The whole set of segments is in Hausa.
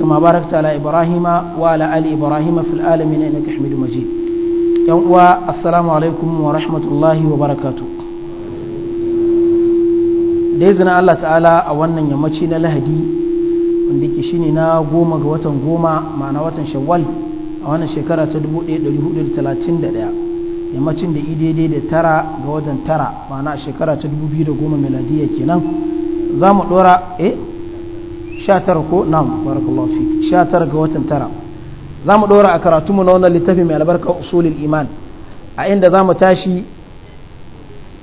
كما باركت على إبراهيم وعلى آل إبراهيم في العالمين إنك Yan uwa يوم alaikum عليكم ورحمة الله وبركاته دايزنا izinin Allah ta'ala a wannan yammaci na lahadi wanda ke shine na goma ga watan goma ma'ana watan shawal a wannan shekara ta 1431 yammacin da idai da tara ga watan tara ma'ana shekara ta 2010 miladiyya kenan za mu dora eh 19 ko barakallahu fiki 19 ga watan tara za mu dora a karatu mu na wannan littafi mai albarka usulul iman a inda za mu tashi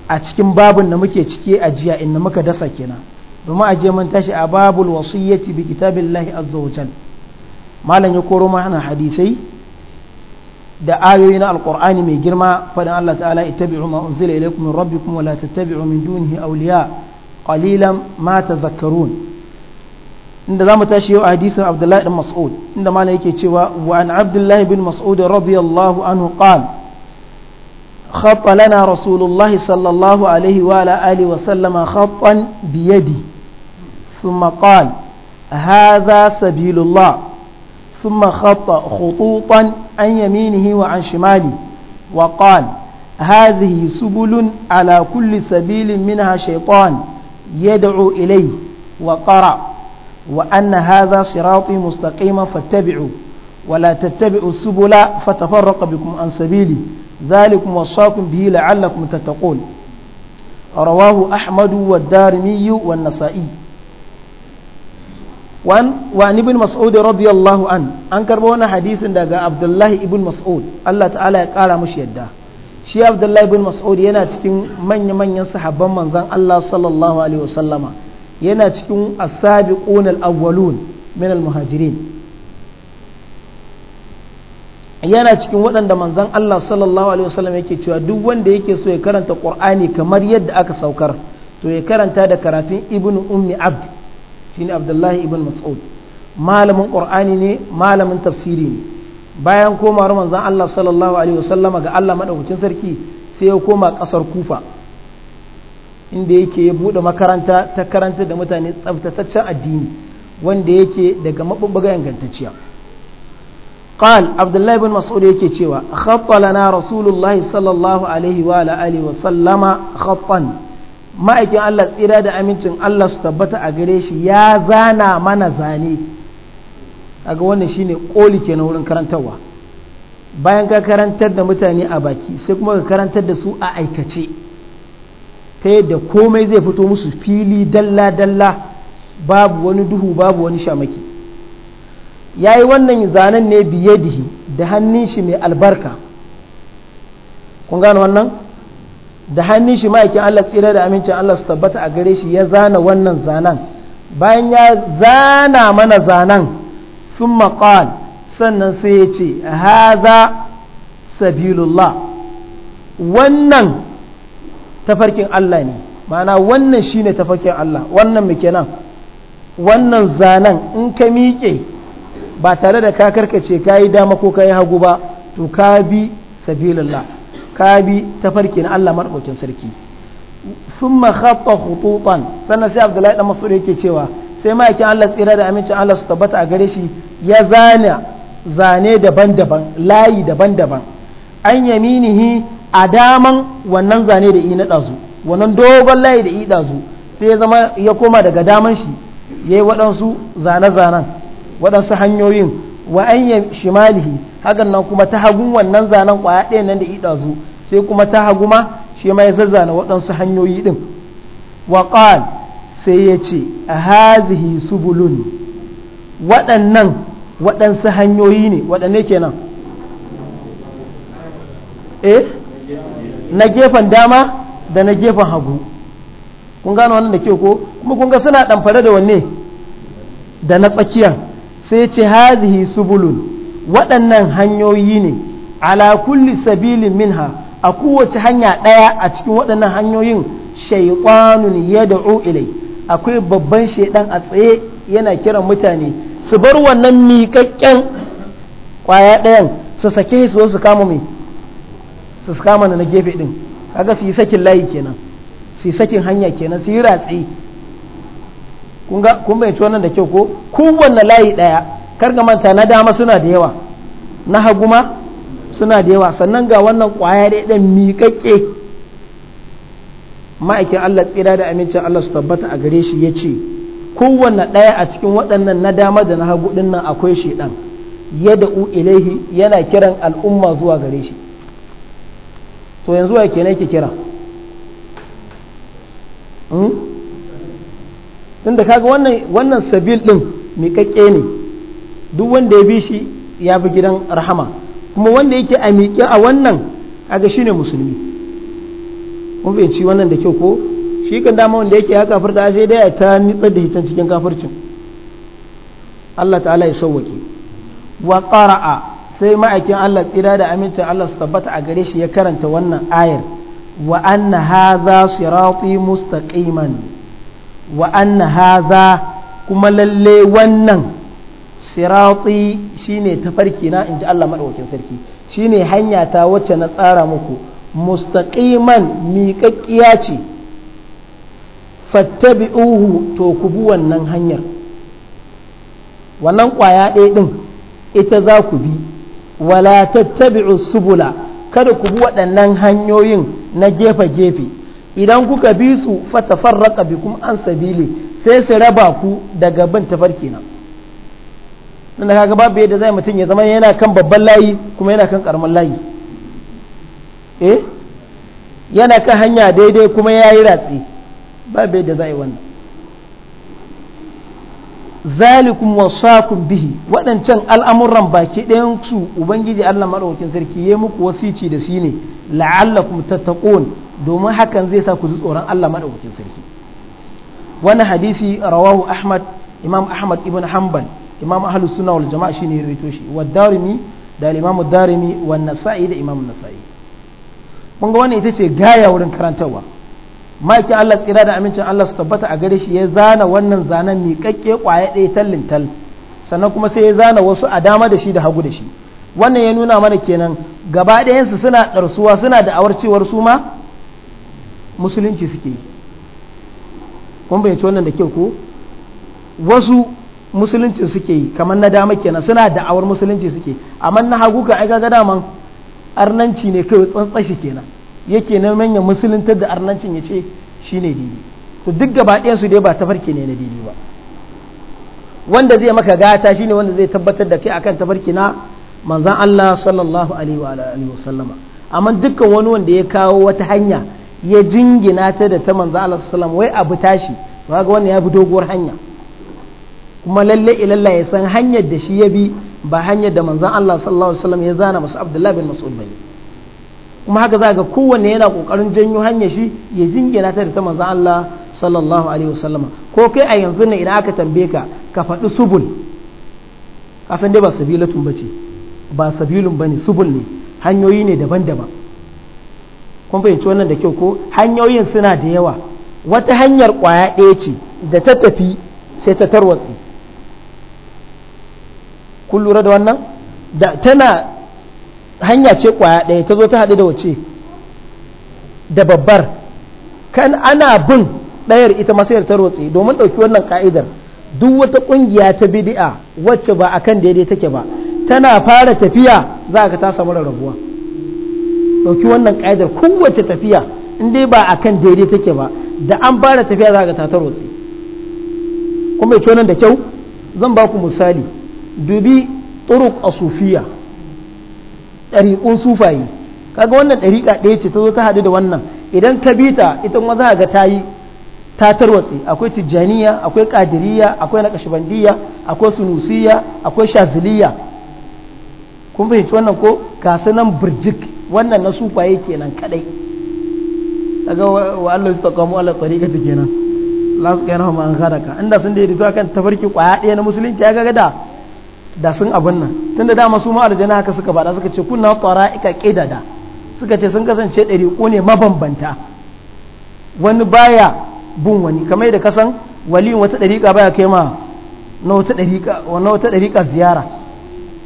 a cikin babun da muke cike a jiya inda muka dasa kenan domin a je mun tashi a babul wasiyyati bi kitabillahi azza wa jal malam ya koro mana hadisai da ayoyi na alqur'ani mai girma fadan Allah ta'ala ittabi'u ma unzila ilaykum min rabbikum wa la tattabi'u min dunihi awliya qalilan ma tadhakkarun da za mu tashi yau a hadisin abdullahi ibn mas'ud inda mana yake cewa wa an abdullahi ibn mas'ud radiyallahu anhu qal khatta lana rasulullah sallallahu alaihi wa ala alihi wa sallama khattan bi yadi thumma qal hadha sabilullah ثم خط خطوطا عن يمينه وعن شماله وقال هذه سبل على كل سبيل منها شيطان يدعو إليه وقرأ وأن هذا صراطي مستقيما فاتبعوا ولا تتبعوا السبل فتفرق بكم عن سبيلي ذلكم وصاكم به لعلكم تتقون رواه أحمد والدارمي والنسائي وعن, وعن ابن مسعود رضي الله عنه أنكر بونا حديث دقاء عبد الله ابن مسعود الله تعالى قال مش يده shi abdullahi bin mas'ud yana cikin manya-manyan sahabban manzan Allah sallallahu alaihi wasallama yana cikin asabi sabiqun al minal muhajirin yana cikin waɗanda manzan Allah sallallahu alaihi wasallam yake cewa duk wanda yake so ya karanta ƙur'ani kamar yadda aka saukar to ya karanta da karatun ibn ummi abd shine abdullahi ibn mas'ud malamin ƙur'ani ne malamin tafsiri ne bayan komawar manzan Allah sallallahu alaihi wasallama ga Allah madaukakin sarki sai ya koma ƙasar kufa inda yake ya buɗe makaranta ta karanta da mutane tsabtataccen addini wanda yake daga mabubbuga ingantacciya قال عبد الله Mas'ud مسعود yake cewa خط لنا رسول الله صلى الله عليه وعلى اله وسلم خطا ma'aikin Allah tsira da amincin Allah su tabbata a gare shi ya zana mana zane kaga wannan shine koli kenan wurin karantawa. bayan ka karantar da mutane a baki sai kuma ka karantar da su a aikace ta yadda komai zai fito musu fili dalla-dalla babu wani duhu babu wani shamaki ya yi wannan zanen ne biye da hannun shi mai albarka kun gano wannan da hannun shi ma'aikin allah tsira da amincin allah su tabbata a gare shi ya zana wannan zanen bayan ya zana mana zanen sun maƙal sannan sai ya ce haza sabilullah wannan tafarkin Allah ne ma'ana wannan shi ne tafarkin Allah wannan mu nan wannan zanen in ka miƙe ba tare da ka karkace ka yi dama ko ka yi hagu ba to ka bi sabilillah ka bi tafarkin Allah maɗaukin sarki sun ma khatta khututan sannan sai Abdullahi dan masu yake cewa sai ma'aikin Allah tsira da amincin Allah su tabbata a gare shi ya zana zane daban-daban layi daban-daban an yaminihi a daman wannan zane da i ɗazu wannan dogon layi da i ɗazu sai ya zama ya koma daga daman shi ya yi waɗansu zane-zanen waɗansu hanyoyin wa an shimalihi hagan nan kuma ta hagun wannan zanen ƙwaya ɗaya nan da i ɗazu sai kuma ta hagu ma shi ma ya zazzana waɗansu hanyoyi ɗin wa sai ya ce a hazihi subulun waɗannan waɗansu hanyoyi ne waɗanne kenan eh na gefen dama da na gefen hagu kun gano wannan da ke ko kuma kun ga suna ɗamfare da wanne da na tsakiyar sai ce hazihi subulun waɗannan hanyoyi ne ala kulli sabilin minha a kowace hanya ɗaya a cikin waɗannan hanyoyin shaikwanun ya ilai akwai babban shaidan a tsaye yana kiran mutane su bar wannan miƙaƙƙen ƙwaya ɗayan su sake su su kama mai su kama na gefe din kaga su yi sakin layi kenan su yi sakin hanya kenan su yi ratsi kun ga kun bai wannan da kyau ko kowanne layi ɗaya, kar ga manta na dama suna da yawa na haguma suna da yawa sannan ga wannan kwaya da dan miƙaƙe ma'aikin Allah tsira da amincin Allah su tabbata a gare shi ya ce kowanne ɗaya a cikin waɗannan na dama da na hagu ɗin nan akwai shi ɗan ya da'u ilaihi yana kiran al'umma zuwa gare shi to yanzu wa ke ke kira hmm? tunda kaga wannan wannan sabil din miƙaƙƙe ne duk wanda ya bi shi ya bi gidan rahama kuma wanda yake a miƙe a wannan shi ne musulmi bai fahimci wannan da kyau ko shi kan dama wanda yake haka da sai dai ta nitsar da hitan cikin kafircin Allah ta'ala ya sauwaki wa a. sai ma'aikin Allah tsira da amincin Allah su tabbata a gare shi ya karanta wannan ayar wa anna hadha sirati mustaqiman wa anna haza kuma lalle wannan sirati shine tafarki na inji Allah madaukakin sarki shine hanya ta wacce na tsara muku mustaqiman miƙaƙƙiya ce fattabi'uhu to ku bi wannan hanyar wannan ƙwaya ɗaya ɗin ita za ku bi wala tattabi'u subula kada ku bi waɗannan hanyoyin na gefe-gefe idan kuka bi su fatafarraka bikum an sabili sai su raba ku daga bin tafarki na nan kaga babu yadda zai mutum ya zama yana kan babban layi kuma yana kan karamin layi eh yana kan hanya daidai kuma ya yi ratsi babu yadda zai wannan zalikum wasakum bihi waɗancan al'amuran baki ɗayan su ubangiji Allah maɗaukin sarki ya muku wasici da shi ne la'allakum tattaqun domin hakan zai sa ku ji tsoron Allah maɗaukin sarki wani hadisi rawahu Ahmad Imam Ahmad ibn Hanbal Imam Ahlus Sunna wal Jama'a shine rawaito shi wa Darimi da Imam Darimi wa Nasa'i da Imam Nasa'i mun ga wannan ita ce gaya wurin karantarwa maki Allah tsira da amincin Allah su tabbata a gare shi ya zana wannan zanen miƙaƙƙe ƙwaya ɗaya tallin tal sannan kuma sai ya zana wasu a dama da shi da hagu da shi wannan ya nuna mana kenan gaba ɗayansu suna ɗarsuwa suna da awar cewar su ma musulunci suke yi kun bayyanci wannan da kyau ko wasu musulunci suke yi kamar na dama kenan suna da awar musulunci suke amma na hagu ka aika ga daman arnanci ne kai tsantsashi kenan yake neman ya musuluntar da arnancin ya ce shi ne dini to duk gaba ɗayansu dai ba tafarki ne na dini ba wanda zai maka gata shi ne wanda zai tabbatar da kai akan tafarki na manzan Allah sallallahu alaihi wa alihi wasallama amma dukkan wani wanda ya kawo wata hanya ya jingina ta da ta manzan Allah sallallahu wai abu tashi ba ga wannan ya bi doguwar hanya kuma lalle ilalla ya san hanyar da shi ya bi ba hanyar da manzan Allah sallallahu alaihi wasallam ya zana masu Abdullah bin Mas'ud kuma haka za ga kowanne yana kokarin janyo hanyar shi ya jingina ta da ta manzan Allah sallallahu alaihi wasallam ko kai a yanzu ne idan aka tambaye ka ka faɗi subul kasan dai ba sabilatun bace ba sabilun bane subul ne hanyoyi ne daban-daban kun fahimci wannan da kyau ko hanyoyin suna da yawa wata hanyar kwaya ɗaya ce da ta tafi sai ta tarwatsi kun lura tana hanya ce kwaya ɗaya ta zo ta haɗu da wace da babbar kan ana bin ɗayar ita masayar ta rotse domin ɗauki wannan ka'idar duk wata ƙungiya ta bidi'a wacce ba a kan daidai take ba tana fara tafiya za ka ta samu rarrabuwa ɗauki wannan ka'idar kowace tafiya in dai ba a kan daidai take ba da an fara tafiya za ka ta ta rotse kuma ya nan da kyau zan ba ku misali dubi turuk a sufiya ɗariƙun sufayi kaga wannan ɗariƙa ɗaya ce ta zo ta haɗu da wannan idan ka bi ta ita kuma za ga ta yi ta tarwatse akwai tijjaniya akwai ƙadiriya akwai naƙashbandiya akwai sunusiya akwai shaziliya kun fahimci wannan ko kasu nan birjik wannan na sufaye kenan kaɗai daga wa Allah su taqamu ala tariqati kenan la su kana hum an ghadaka inda sun daidaito akan tafarki ƙwaya ɗaya na musulunci ya ga da da sun abin nan tunda dama su ma aljana haka suka bada suka ce kunna qara'ika qidada suka ce sun kasance ɗariƙo ne mabambanta wani baya bin wani kamar yadda kasan wali wata ɗariƙa baya kai ma na wata ɗariƙa na wata ɗariƙa ziyara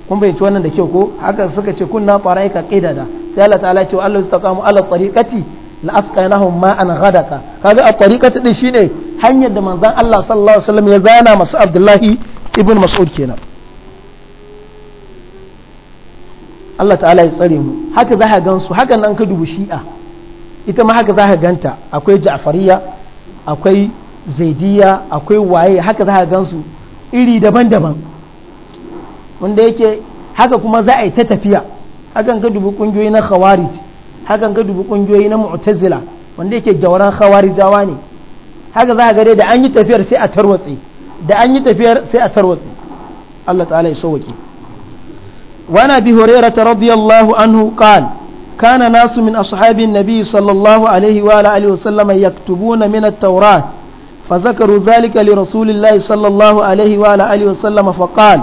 kun bayyanci wannan da kyau ko haka suka ce kunna qara'ika qidada sai Allah ta'ala ce Allah ta istaqamu ala tariqati la asqainahum ma'an ghadaka kaga a tariqati din shine hanyar da manzon Allah sallallahu alaihi wasallam ya zana masu Abdullahi ibn Mas'ud kenan Allah ta'ala ya tsare mu haka za ka su haka nan ka dubu shi'a ita ma haka za ka ganta akwai ja'fariya akwai zaidiya akwai waye haka za ka su iri daban-daban wanda yake haka kuma za a yi ta tafiya hakan ka dubu kungiyoyi na khawarij hakan ka dubu kungiyoyi na mu'tazila wanda yake gauran khawarijawa ne haka za ka ga da an yi tafiyar sai a tarwatse da an yi tafiyar sai a tarwatse Allah ta'ala ya sauwake وعن أبي هريرة رضي الله عنه قال كان ناس من أصحاب النبي صلى الله عليه وآله وسلم يكتبون من التوراة فذكروا ذلك لرسول الله صلى الله عليه وآله وسلم فقال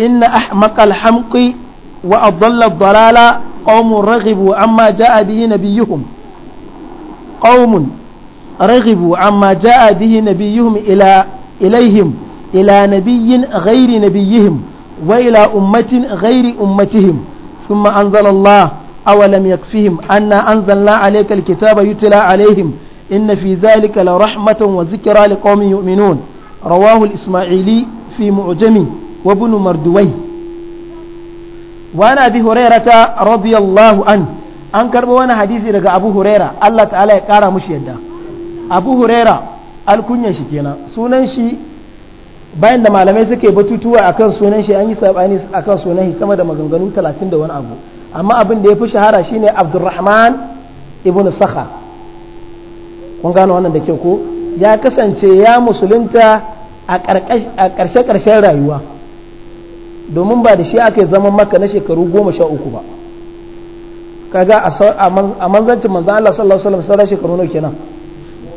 إن أحمق الحمق وأضل الضلال قوم رغبوا عما جاء به نبيهم قوم رغبوا عما جاء به نبيهم إلى إليهم إلى نبي غير نبيهم وإلى أمة غير أمتهم ثم أنزل الله أولم يكفهم أنا أنزلنا عليك الكتاب يتلى عليهم إن في ذلك لرحمة وذكرى لقوم يؤمنون رواه الإسماعيلي في معجمه وابن مردويه وأنا أبي هريرة رضي الله عنه an karɓo wani hadisi daga abu huraira allah ta'ala ya ƙara mushi yadda abu huraira alkunyan shi kenan sunan shi bayan da malamai suke batutuwa a kan sunan shi an yi sabani kan sunan shi sama da maganganu 30 da wani abu amma abin da ya fi shahara shi ne Abdurrahman ibn Sakha kun gano wannan da kyau ko ya kasance ya musulunta a ƙarshe-ƙarshen rayuwa domin ba da shi ake zaman maka na shekaru goma sha uku ba kaga a manzancin manzan Allah sallallahu alaihi wasallam sauran shekaru nawa kenan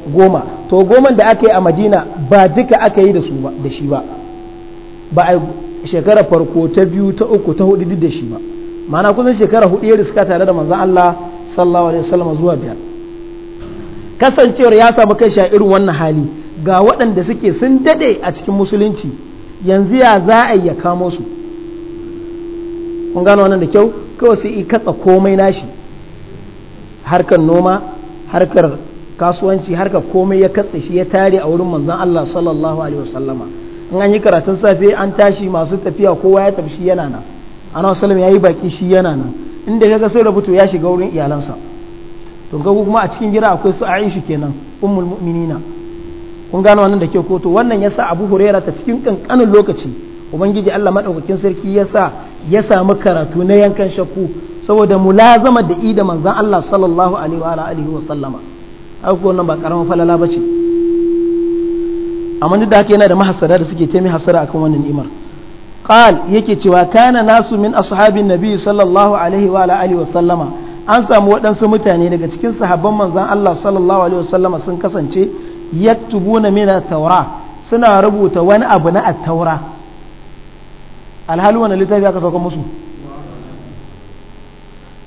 goma to goma da aka yi a madina ba duka aka yi da shi ba ba a shekara farko ta biyu ta uku ta hudu da shi ba mana kusan shekara hudu ya riska tare da manzan Allah sallallahu alaihi wasallam zuwa biyar kasancewar ya samu kai sha irin wannan hali ga waɗanda suke sun dade a cikin musulunci yanzu ya za a ya kamo su kun gano wannan da kyau kawai sai i katsa komai nashi harkar noma harkar kasuwanci harka komai ya katse shi ya tare a wurin manzon Allah sallallahu alaihi wasallama in an yi karatun safe an tashi masu tafiya kowa ya tafi shi yana nan ana sallam ya yi baki shi yana nan inda kaga sai rubutu ya shiga wurin iyalansa to ga kuma a cikin gida akwai su Aisha kenan ummul mu'minina kun gano wannan da ke ko to wannan yasa Abu Hurairah ta cikin kankanin lokaci ubangiji Allah madaukakin sarki yasa ya samu karatu na yankan shakku saboda mulazama da ida manzon Allah sallallahu alaihi wa alihi wa sallama aiko wannan ba karamin falala ba ce amma duk da haka yana da mahasara da suke taimi hasara akan wannan ni'imar qal yake cewa kana nasu min ashabin nabi sallallahu alaihi wa alihi wa sallama an samu waɗansu mutane daga cikin sahabban manzan Allah sallallahu alaihi sallama sun kasance yaktubuna min at-taura suna rubuta wani abu na at-taura alhalu wannan littafi aka sauka musu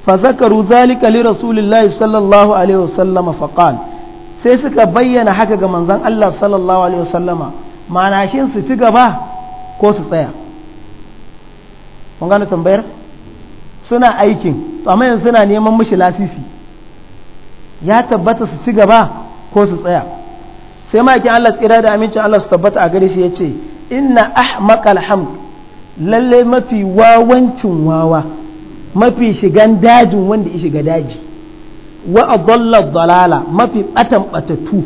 فذكروا ذلك لرسول الله صلى الله عليه وسلم فقال sai suka bayyana haka ga manzan Allah sallallahu alaihi wasallama ma'ana shin su ci gaba ko su tsaya kun gane tambayar suna aikin to amma yanzu suna neman mishi lasisi ya tabbata su ci gaba ko su tsaya sai ma yakin Allah tsira da amincin Allah su tabbata a gare shi ya ce inna ahmaqal hamd lalle mafi wawancin wawa mafi shigan dajin wanda ya shiga daji wa adalla dalala mafi batan batatu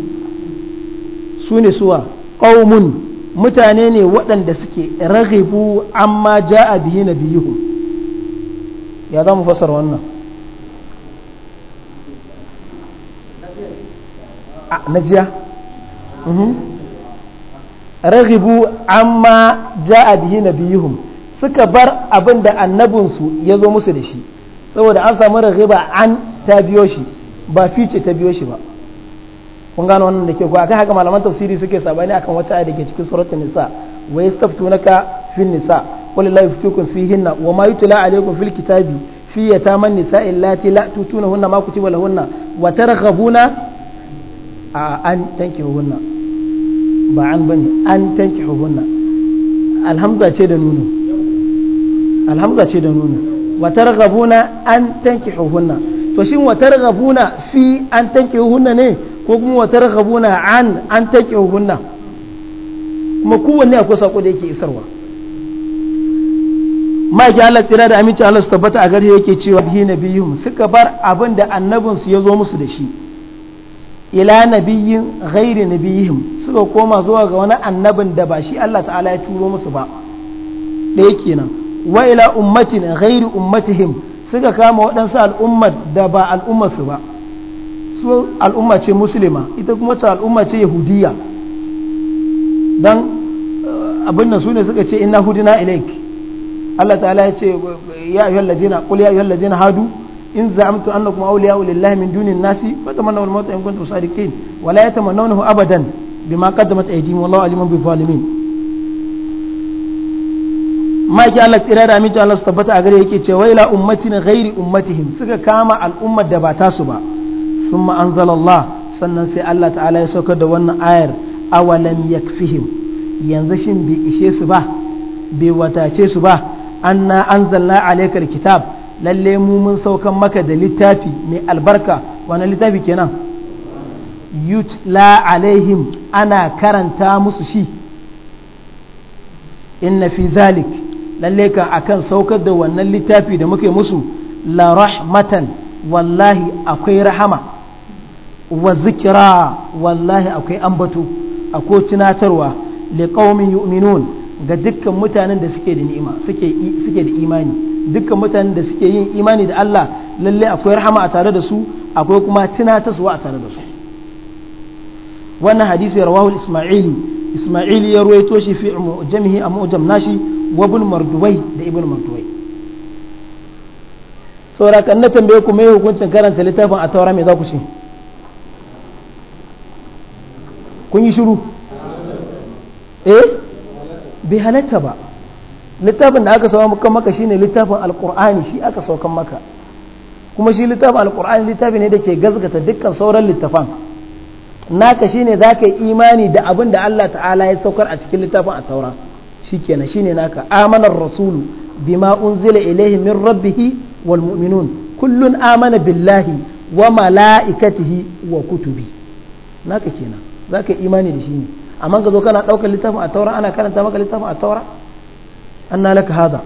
su ne suwa qaumun mutane ne waɗanda suke raghibu amma ja'a bihi nabiyuhu ya za fasar wannan a najiya mhm. raghibu amma ja'a bihi nabiyuhu suka bar abin da annabinsu ya zo musu da shi saboda an samu raghiba an ta biyo shi ba fice ta biyo shi ba kun gano wannan da ke ko akan haka malaman tafsiri suke sabani akan wacce ayat da ke cikin suratul nisa wa yastaftunaka fin nisa qul la yuftukum fihinna wa ma yutla alaykum fil kitabi fi yataman nisa illati la tutunahunna ma kutiba lahunna wa targhabuna an tankihunna ba an bane an tankihunna alhamza ce da nuno alhamza ce da nuni wa targhabuna an tankihuhunna to shin wa targhabuna fi an tankihuhunna ne ko kuma wa targhabuna an an tankihuhunna kuma kowanne akwai sako da yake isarwa ma'aiki Allah tsira da aminci Allah su tabbata a gari yake cewa bihi nabiyuhum suka bar abin da su ya zo musu da shi ila nabiyin ghairi nabiyihim suka koma zuwa ga wani annabin da ba shi Allah ta'ala ya turo musu ba ɗaya kenan wa ila ummatin ghairi ummatihim suka kama waɗansu al'ummar da ba al'ummarsu ba su al'umma ce musulma ita kuma ta al'umma ce yahudiya dan eh, abin nan sune suka ce inna hudina ilaik Allah ta'ala ya ce ya ayyuhal ladina qul ya ayyuhal ladina hadu in za'amtu annakum awliya'u lillahi min dunin nasi fa tamannaw al-mauta in kuntum sadiqin wa la yatamannahu abadan bima qaddamat aydihim wallahu alimun bi zalimin maki Allah tsira da aminci Allah su tabbata a gare yake cewa ila ummatin ghairi ummatihim suka kama al'ummar da ba ta su ba thumma anzalallah sannan sai Allah ta'ala ya saukar da wannan ayar awalam yakfihim yanzu shin bai ishe su ba bai watace su ba anna anzalna alaykal kitab lalle mu mun saukan maka da littafi mai albarka wani littafi kenan yutla alaihim ana karanta musu shi inna fi zalik lalle ka akan saukar da wannan littafi da muke musu la rahmatan wallahi akwai rahama wa zikira wallahi akwai ambato akwai tunatarwa li qaumin yu'minun ga dukkan mutanen da suke da ni'ima suke da imani dukkan mutanen da suke yin imani da Allah lalle akwai rahama a tare da su akwai kuma tunatarwa a tare da su wannan hadisi rawahu al-isma'ili isma'il ya ruwaito shi fi jami'i a mu'jam nashi wa ibn marduwai da ibn marduwai saboda kan na tambaye ku mai hukuncin karanta littafin a taura mai za ku shi. kun yi shiru eh bai halatta ba littafin da aka sauka maka shi ne littafin alƙur'ani shi aka saukan maka kuma shi littafin alƙur'ani littafi ne da ke gazgata dukkan sauran littafan naka shine za ka yi imani da abin da Allah ta'ala ya saukar a cikin littafin at-taura shikenan shine naka amanar rasulu bima unzila ilaihi min rabbih wal mu'minun kullun amana billahi wa mala'ikatihi wa kutubi naka kenan za ka yi imani da shi ne amma ka zo kana daukar littafin at-taura ana karanta maka littafin at-taura anna laka hada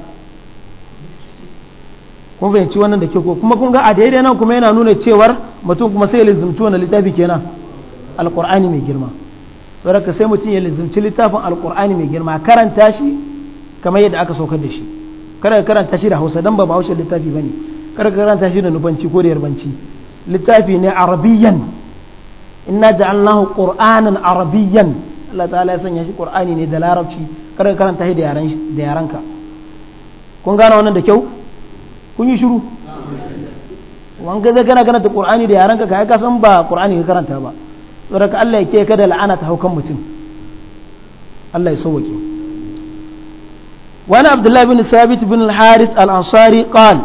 kun fahimci wannan da ke ko kuma kun ga a daidai nan kuma yana nuna cewar mutum kuma sai ya lizumci wannan littafi kenan alkur'ani mai girma saboda sai mutum ya lizimci littafin alkur'ani mai girma karanta shi kamar yadda aka saukar da shi kada ka karanta shi da hausa dan ba bahaushe littafi bane kada ka karanta shi da nufanci ko da yarbanci littafi ne arabiyan inna ja'alnahu qur'anan arabiyan Allah ta'ala ya sanya shi qur'ani ne da larabci kada ka karanta shi da yaran da yaranka kun gane wannan da kyau kun yi shiru wanga zai kana karanta qur'ani da yaranka kai ka san ba qur'ani ka karanta ba saboda Allah ya ka da la'ana haukan mutum Allah ya sauwake wani abdullahi bin sabit bin al-haris al-ansari qal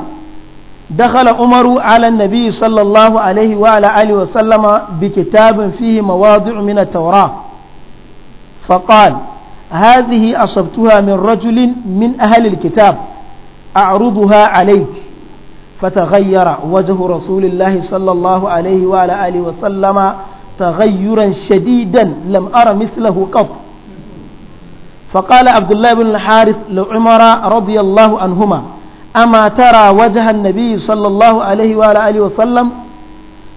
dakhala umaru ala nabi sallallahu alaihi wa ala bi kitabin fihi mawadi'u min at-tawra fa qal a asabtuha min rajulin min ahli al-kitab a'ruduha alayk fataghayyara wajhu rasulillahi sallallahu alaihi wa ala alihi wa sallama تغيرا شديدا لم أرى مثله قط فقال عبد الله بن الحارث لعمر رضي الله عنهما أما ترى وجه النبي صلى الله عليه وعلى آله وسلم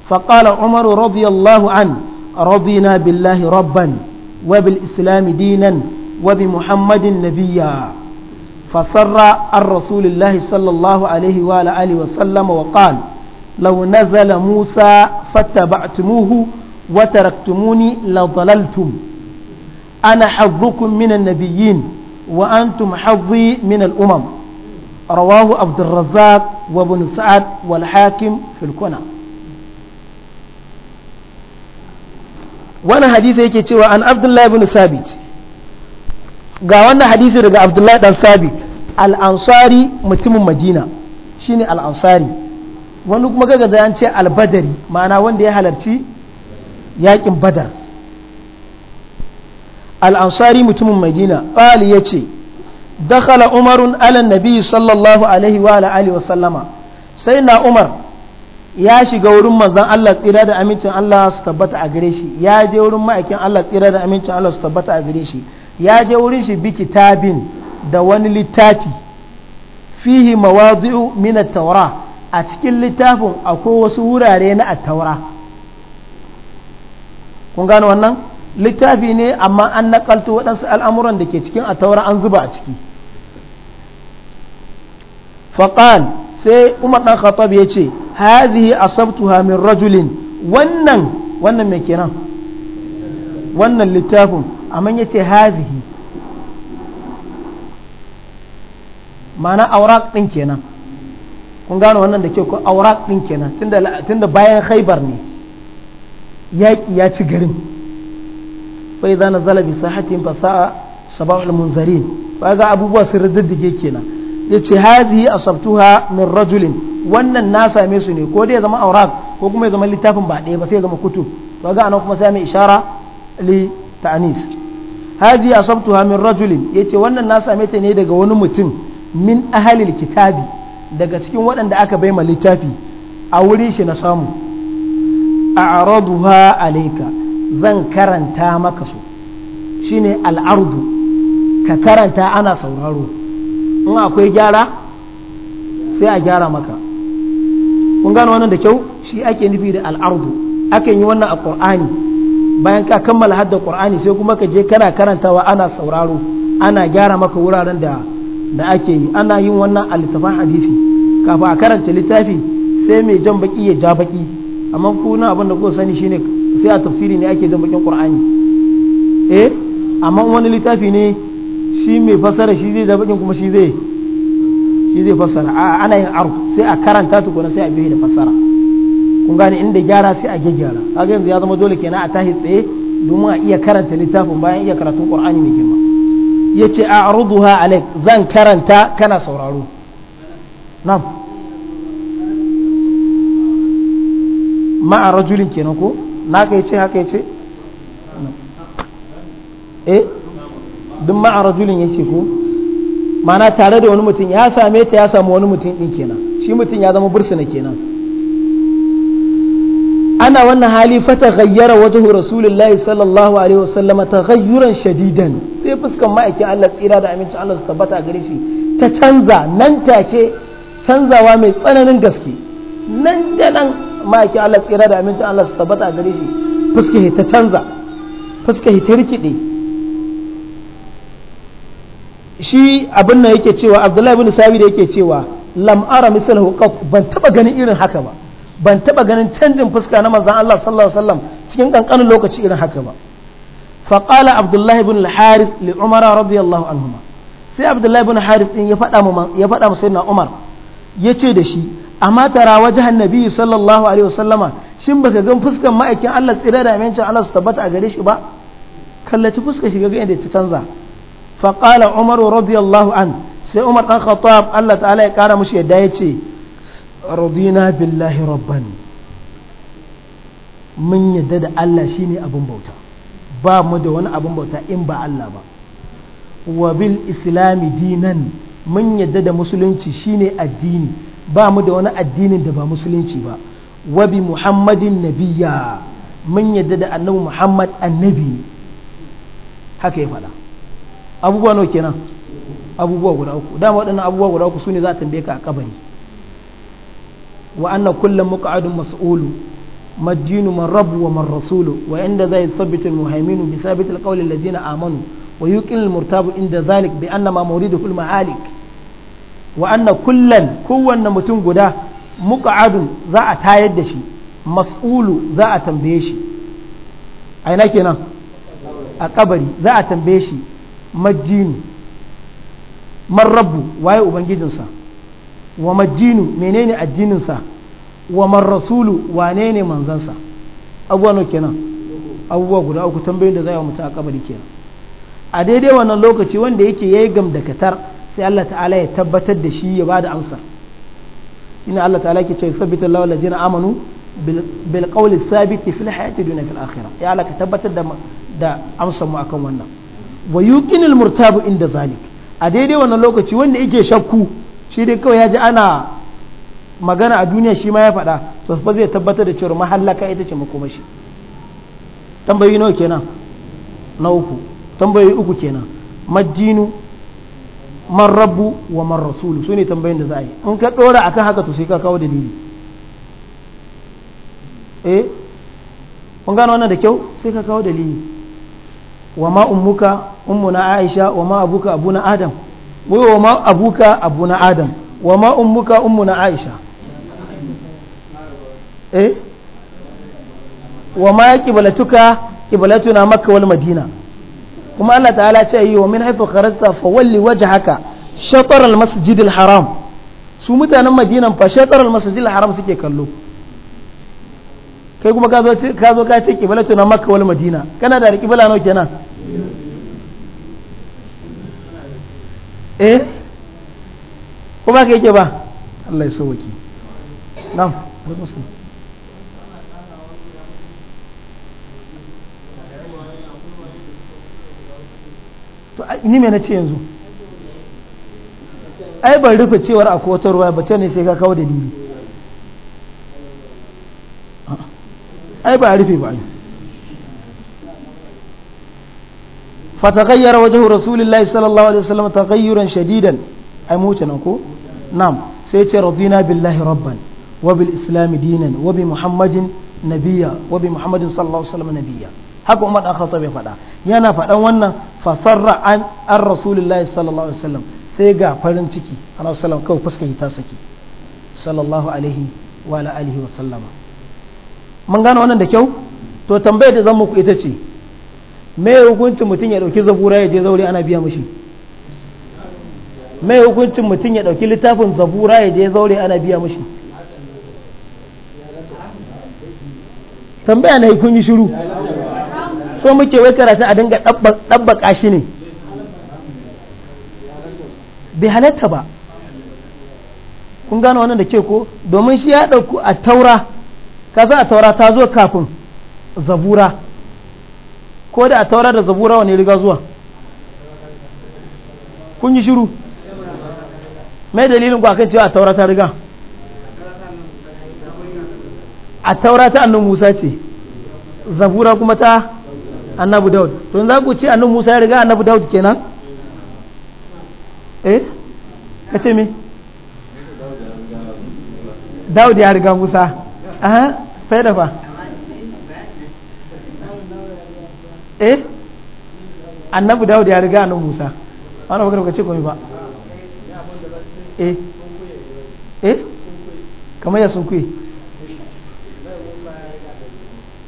فقال عمر رضي الله عنه رضينا بالله ربا وبالإسلام دينا وبمحمد نبيا فصر عن رسول الله صلى الله عليه وعلى آله وسلم وقال لو نزل موسى فاتبعتموه وتركتموني لضللتم أنا حظكم من النبيين وأنتم حظي من الأمم رواه عبد الرزاق وابن سعد والحاكم في الكنى وانا حديث yake cewa an abdullahi ibn sabit ga wannan hadisi daga abdullahi dan sabit al-ansari mutumin madina shine al-ansari wani kuma kaga da albadari ma'ana wanda ya halarci yakin badar al'ansari mutumin madina ƙali ya ce dakhala umarun alan nabi sallallahu alaihi wa alihi wa sallama sai na umar ya shiga wurin manzan Allah tsira da amincin Allah su tabbata a gare shi ya je wurin ma'aikin Allah tsira da amincin Allah su tabbata a gare shi ya je wurin shi bi kitabin da wani littafi fihi mawadi'u min at-taura a cikin littafin akwai wasu wurare na at-taura kun gano wannan littafi ne amma an nakalto waɗansu al'amuran da ke cikin a taura an zuba a ciki faƙan sai umar ɗan khattab ya ce hazihi asabtuha min rajulin wannan wannan mai kenan wannan littafin amma ya ce hazihi ma'ana aurak ɗin kenan kun gano wannan da ke ko aurak ɗin kenan tunda bayan haibar ne yaƙi ya ci garin bai za na zalabi sahatin fasa'a sabahul munzarin ba ga abubuwa sun raddadige kenan ya ce hadi asabtuha min rajulin wannan na same su ne ko dai ya zama aurak ko kuma ya zama littafin ba ɗaya ba sai ya zama kutu ba ga anan kuma sai mai ishara li ta'anis hadi asabtuha min rajulin ya ce wannan na same ta ne daga wani mutum min ahalil kitabi daga cikin waɗanda aka bai ma littafi a wurin shi na samu a'raduha alayka zan karanta maka su shine al'ardu ka karanta ana sauraro in akwai gyara sai a gyara maka kun gano wannan da kyau shi ake nufi da al'ardu akan yi wannan a ƙur'ani. bayan ka kammala hadda qur'ani sai kuma ka je kana karantawa ana sauraro ana gyara maka wuraren da da ake yi ana yin wannan a littafin hadisi kafin a karanta littafi sai mai jan baki ya ja baki amma ku na abin da ku sani shine sai a tafsiri ne ake jin bakin qur'ani eh amma wani littafi ne shi mai fasara shi zai da kuma shi zai shi zai fasara a ana yin arku sai a karanta tukuna sai a bihi da fasara kun gane inda gyara sai a gyara kaga yanzu ya zama dole kenan a tahi tsaye domin a iya karanta littafin bayan iya karatun qur'ani mai girma yace a'ruduha alaik zan karanta kana sauraro na'am ma'a rajulin kenan ko na kai ce haka yace eh duk ma'a rajulin ce ko mana tare da wani mutum ya same ta ya samu wani mutum din kenan shi mutum ya zama bursuna kenan ana wannan hali fata gayyara wajhu rasulullahi sallallahu alaihi wasallama gayyuran shadidan sai fuskan ma'aikin Allah tsira da amincin Allah su tabbata gare shi ta canza nan take canzawa mai tsananin gaske nan da nan ma'aikin Allah tsira da aminta Allah su tabbata a gare shi fuska ta canza fuska ta rikide shi abin nan yake cewa Abdullahi bin Sabi da yake cewa lam ara mislahu qat ban taba ganin irin haka ba ban taba ganin canjin fuska na manzon Allah sallallahu alaihi wasallam cikin kankanin lokaci irin haka ba fa qala Abdullahi bin al-Harith li Umar radiyallahu anhuma sai Abdullahi bin Harith din ya faɗa mu ya faɗa mu sayyidina Umar yace da shi amma tara wajen nabi sallallahu alaihi wasallama shin baka gan fuskan ma'aikin Allah tsira da amincin Allah su tabbata a gare shi ba kallaci fuskar shi ga inda ta canza fa qala umar radiyallahu an sai umar dan khattab Allah ta'ala ya kara mushi yadda yace radina billahi rabban mun yadda da Allah shine abun bauta ba mu da wani abun bauta in ba Allah ba wa bil islami dinan mun yadda da musulunci shine addini ba mu da wani addinin da ba musulunci ba wabi muhammadin nabiya mun yadda da annabi muhammad annabi haka ya fada abubuwa nawa kenan abubuwa guda uku dama waɗannan abubuwa guda uku sune za ta tambaye ka a kabari wa anna kullum adun mas'ulu madinu man rabb wa man rasulu wa inda zai tsabbitul muhaiminu bi sabitul qawli alladhina amanu wa yuqinul murtabu inda zalik bi anna ma mawridu kullu ma'alik wa anna kullan kowanne mutum guda muka za a tayar da shi mas'ulu za a tambaye shi aina kenan a kabari za a tambaye shi majinu man rabbu waye ubangijinsa wa majinu menene addininsa wa man rasulu wane ne manzansa abubuwa no kenan abubuwa guda uku tambayin da za a mutu a kabari kenan a daidai wannan lokaci wanda yake yayi gamdakatar sai Allah ta'ala ya tabbatar da shi ya ba da amsa ina Allah ta'ala ke cewa sabbitin lawa lazina amanu bil qawli sabiti fil hayati duna fil akhirah ya Allah ka tabbatar da da amsar mu akan wannan wa yuqinul murtabu inda zalik a daidai wannan lokaci wanda yake shakku shi dai kawai ya ji ana magana a duniya shi ma ya faɗa to fa zai tabbatar da cewa mahallaka ita ce makomashi tambayi nawa kenan na uku tambayi uku kenan madinu. man rabbu wa man rasulu su ne tambayin da za a yi in ka ɗora akan haka to sai ka kawo dalili eh kun gano wannan da kyau sai ka kawo dalili wa ma ummuka ummuna aisha wa ma abuka abuna adam wai wa ma abuka abuna adam wa ma ummuka ummuna aisha eh wa ma kibalatuka qiblatuna makka wal madina kuma Allah ta'ala ce yi wa min haifu kharasta fa walli wajhaka shatar al-masjid al-haram su mutanen madinan fa shatar al-masjid al-haram suke kallo kai kuma ka zo ka zo ka ce kibalatu na makka wal madina kana da kibala nawa kenan eh ko ba ka yake ba Allah ya sauke na'am alaikum to ni me nace yanzu ai ban rufe cewar akwai wata ruwa ba ce ne sai ka kawo da ai ba rufe ba fatakayyar wajen rasulullahi sallallahu alaihi wasallam takayyuran shadidan ai mu nan ko nam sai ce radina billahi rabban wa islam dinan wa bi muhammadin nabiya wa bi muhammadin sallallahu alaihi wasallam nabiya haka umar dan khattab ya faɗa yana faɗan wannan fasarra an an rasulullahi sallallahu alaihi wasallam sai ga farin ciki ana sallam kawai fuskar ta saki sallallahu alaihi wa alihi wa sallama mun gane wannan da kyau to tambayar da zan muku ita ce me hukuncin mutum ya dauki zabura ya je zaure ana biya mishi me hukuncin mutum ya dauki littafin zabura ya je zaure ana biya mishi tambaya na yi kun yi shiru so muke wai karatu a dinga ɗabbaƙa shi ne bai halatta ba kun gano wannan da ke ko domin shi ya ɗauku a taura ka a taura ta zo kafin zabura ko da a taura da zabura wani riga zuwa kun yi shiru mai dalilin ku akan cewa a taura ta riga a taura ta annan musa ce zabura kuma ta annabu daud to za ku ce annabu musa ya riga annabu daud kenan eh ka ce me daud ya riga musa aha fai da fa eh annabu daud ya riga annabu musa wani bakar ka ce komi ba eh eh kamar ya sun kuye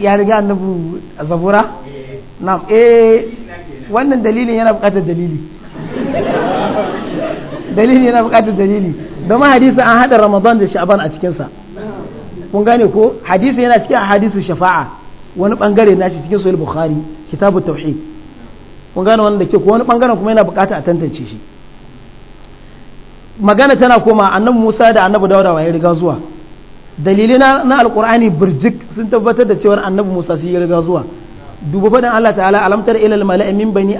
ya riga annabu a zabura? Eh. na'am eh wannan dalilin yana bukatar dalili dalili yana bukatar dalili domin hadisi an hada ramadan da sha'ban a cikinsa kun gane ko hadisi yana cikin hadisu shafa'a wani bangare na shi cikin sahih bukhari kitabu tauhid kun gane wannan da ke ko wani bangaren kuma yana bukatar a tantance shi magana tana koma annabi musa da annabi dauda ya riga zuwa dalilai na alkur'ani birjik sun tabbatar da cewar annabi musa si ya riga zuwa dubu faɗin allah ta'ala alamtar ilal mala'i min bani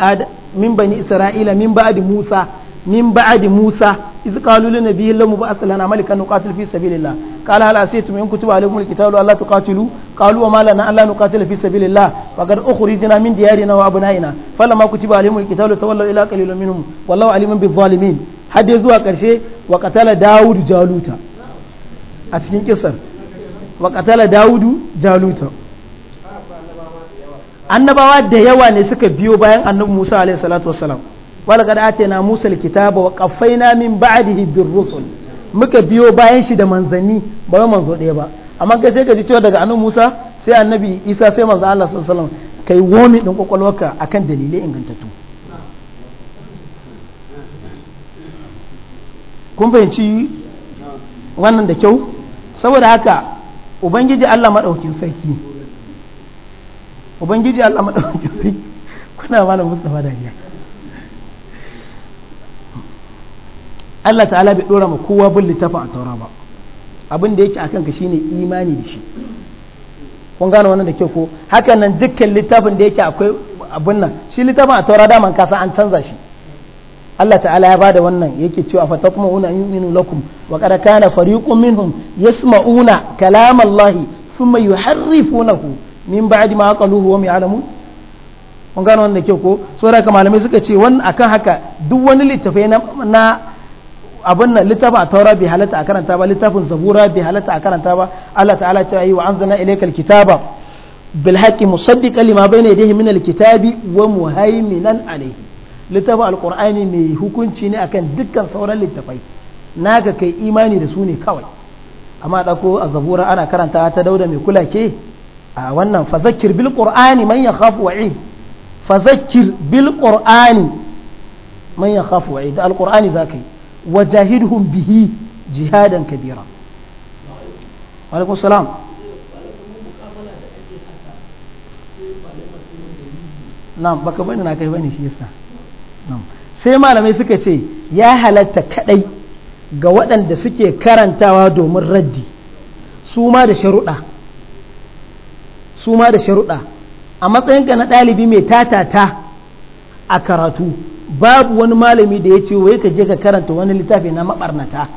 min bani isra'ila min ba'di musa min ba'di musa iz qalu lin nabiyyin lam ba'ath lana malikan nuqatil fi sabilillah qala hal asitum in kutiba alaykum tuqatilu qalu wa ma lana nuqatil fi sabilillah wa qad ukhrijna min diyarina wa abnaina falamma kutiba ila qalilin minhum wallahu alimun hadde zuwa karshe wa qatala daud jaluta a cikin kisar wa katala daudu jaluta annabawa da yawa ne suka biyo bayan annabi Musa alaihi salatu kada musa na Musa alkitaba wa qaffayna min ba'dihi rusul muka biyo bayan shi da manzanni ba wai manzo ɗaya ba amma kai sai ka ji cewa daga annabi Musa sai annabi Isa sai manzo Allah sallallahu alaihi wasallam kai woni din kokolwarka akan dalilai ingantattu kun fahimci wannan da kyau saboda haka ubangiji Allah maɗaukin sarki ubangiji Allah maɗaukin sarki kuna mana mustafa da ya Allah ta'ala bai ɗora ma kowa bulli tafa a taura ba abin da yake akan ka shine imani da shi kun gane wannan da ke ko hakan nan dukkan littafin da yake akwai abin nan shi littafin a taura daman kasa an canza shi Allah ta'ala ya bada wannan yake cewa fatatma'una an yu'minu lakum wa qad kana fariqun minhum yasma'una kalam Allah thumma yuharrifunahu min ba'di ma aqaluhu wa ya'lamun kun gano wannan ke ko saboda haka malamai suka ce wannan akan haka duk wani littafai na abin nan littafin a taura bai halatta a karanta ba littafin zabura bai halatta a karanta ba Allah ta'ala ce a wa anzana ilaykal kitaba bil haqqi musaddiqan lima bayna yadayhi min al kitabi wa muhaiminan alayhi littafin alkur'ani mai hukunci ne akan dukkan sauran littafai naka kai imani da su ne kawai amma ɗako a zabura ana karanta ta dauda mai kula ke a wannan fazakir bil qur'ani man ya yakhafu wa'id fazakir bil qur'ani man yakhafu wa'id alqur'ani zakai wajahidhum bihi jihadan kabira wa alaikum salam na baka bani na kai bane shi yasa sai malamai suka ce ya halatta kadai ga waɗanda suke karantawa domin raddi su ma da sharuɗa su ma da sharuɗa a matsayinka na ɗalibi mai tatata a karatu babu wani malami da ya ce wai ka je ka karanta wani littafi na maɓarnata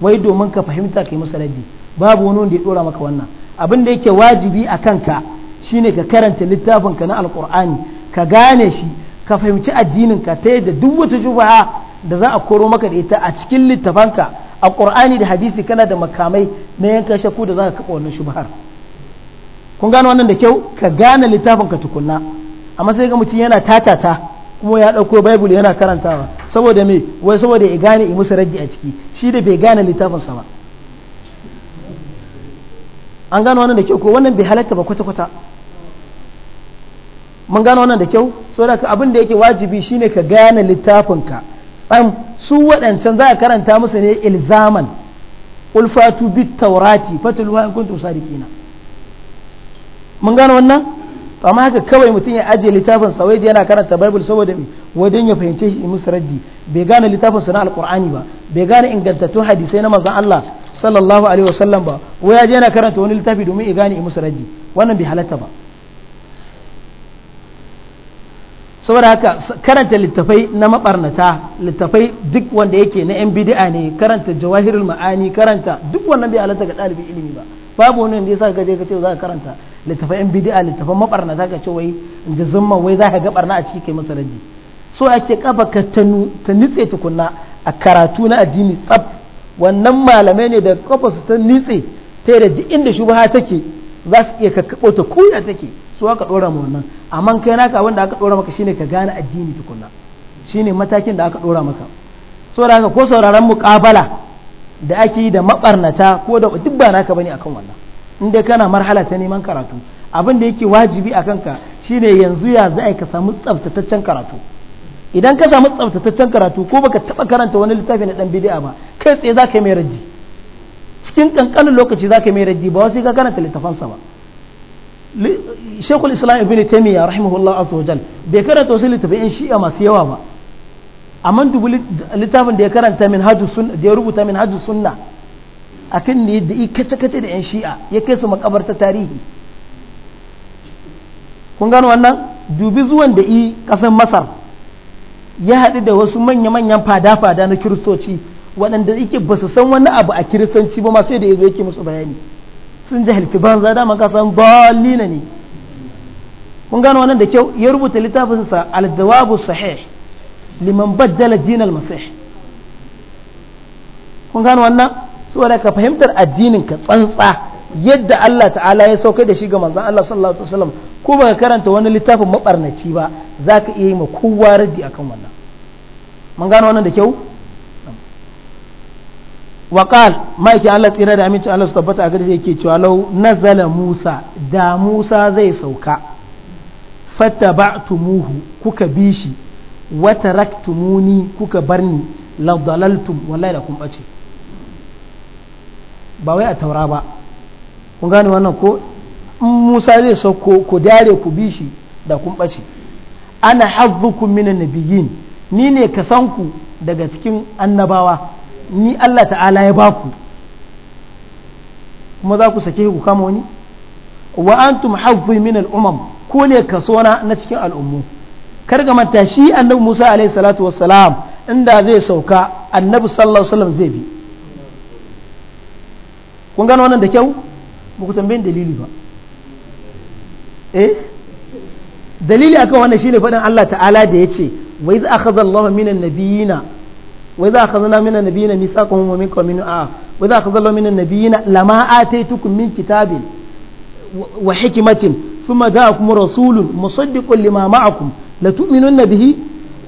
wai domin ka fahimta ka yi musu raddi babu wani wanda ya ɗora maka wannan abin da yake wajibi a kanka shine ka karanta littafinka na alƙur'ani ka gane shi ka fahimci addininka ta yadda duk wata shubaha da za a koro maka da ita a cikin littafanka a ƙur'ani da hadisi kana da makamai na yanka shakku da za ka kaɓa wannan shubahar kun gane wannan da kyau ka gane littafinka tukunna amma sai ga mutum yana tatata kuma ya ɗauko bible yana karantawa saboda me wai saboda ya gane i musu raddi a ciki shi da bai gane littafinsa ba an gane wannan da kyau ko wannan bai halatta ba kwata-kwata mun gano wannan da kyau so da abin da yake wajibi shine ka gane littafinka tsam su waɗancan za ka karanta musu ne ilzaman ulfatu bit taurati fatulwa in kuntum sadiqina mun gano wannan to amma haka kawai mutum ya ajiye littafin sa waje yana karanta bible saboda me wajen ya fahimce shi musu raddi bai gane littafin sa na alqur'ani ba bai gane ingantattun hadisai na manzon Allah sallallahu alaihi wasallam ba waje yana karanta wani littafi domin ya gane musu raddi wannan bai halatta ba saboda haka karanta littafai na mabarnata littafai duk wanda yake na yan bidi'a ne karanta jawahirul ma'ani karanta duk wannan bai halatta ga ɗalibin ilimi ba babu wani wanda sa ka je ka ce za ka karanta littafai yan bidi'a littafai mabarnata ka ce wai da zumma wai za ka ga barna a ciki kai masa raddi so ake kafa ka ta nitse tukunna a karatu na addini tsaf wannan malamai ne da kafa su ta nitse ta da duk inda shubha take za su iya kakkaɓo ta kuya take su aka ɗora ma wannan amma kai naka abin da aka ɗora maka shine ka gane addini tukunna shine matakin da aka ɗora maka saboda haka ko sauraron muƙabala da ake yi da maɓarnata ko da duk ba naka bane akan wannan in dai kana marhala ta neman karatu abin da yake wajibi a kanka shine yanzu ya za ka samu tsaftataccen karatu idan ka samu tsaftataccen karatu ko baka taɓa karanta wani littafi na ɗan bidi'a ba kai tsaye za ka yi mai raji cikin kankanin lokaci za ka mai raddi ba wasu ka karanta littafansa ba shekul islam ibn taimiyya rahimahullah azza wa bai karanta wasu littafai yan shi'a masu yawa ba amma dubu littafin da ya karanta min hajji sunna da ya rubuta min suna sunna akan ne da kace kace da yan shi'a ya kai su makabarta tarihi kun gano wannan dubi zuwan da yi kasan masar ya haɗu da wasu manya-manyan fada-fada na kiristoci waɗanda yake ba su san wani abu a kiristanci ba masu sai da zo yake musu bayani sun jahilci banza dama ka san dalila ne kun gano wannan da kyau ya rubuta littafinsa aljawabu sahih liman baddala jinal masih kun gano wannan saboda ka fahimtar addinin ka tsantsa yadda Allah ta'ala ya saukai da shi ga manzon Allah sallallahu alaihi wasallam ko baka karanta wani littafin mabarnaci ba zaka iya yi ma kowa raddi akan wannan mun gano wannan da kyau waƙal maiki Allah tsira da amince Allah su tabbata a garisai ke cewa lau na zala Musa da Musa zai sauka fata ba tumuhu kuka bi shi wata rak kuka bar ni laudalaltum wallai da kuma ce ba wai a taura ba kun gani wannan ko in Musa zai sauko ku dare ku bi shi da kuma ce ana hazzukun mina nabiyin ni ne ka san ku daga cikin annabawa ni Allah ta'ala ya baku kuma za ku sake ku kama wani wa antum hazzun min al'umam ko ne kaso na na cikin al'ummu kar ga manta shi annabi Musa alaihi salatu wassalam inda zai sauka annabi sallallahu alaihi wasallam zai bi kun gano wannan da kyau ba ku tambayin dalili ba eh dalili akan wannan shine faɗin Allah ta'ala da yace wa iz akhadha Allahu minan nabiyina wai za ka zala minan nabiyina misaqahum wa minkum min a wai za ka zala minan nabiyina lama ataitukum min kitabin wa hikmatin thumma ja'akum rasulun musaddiqun lima ma'akum la tu'minunna bihi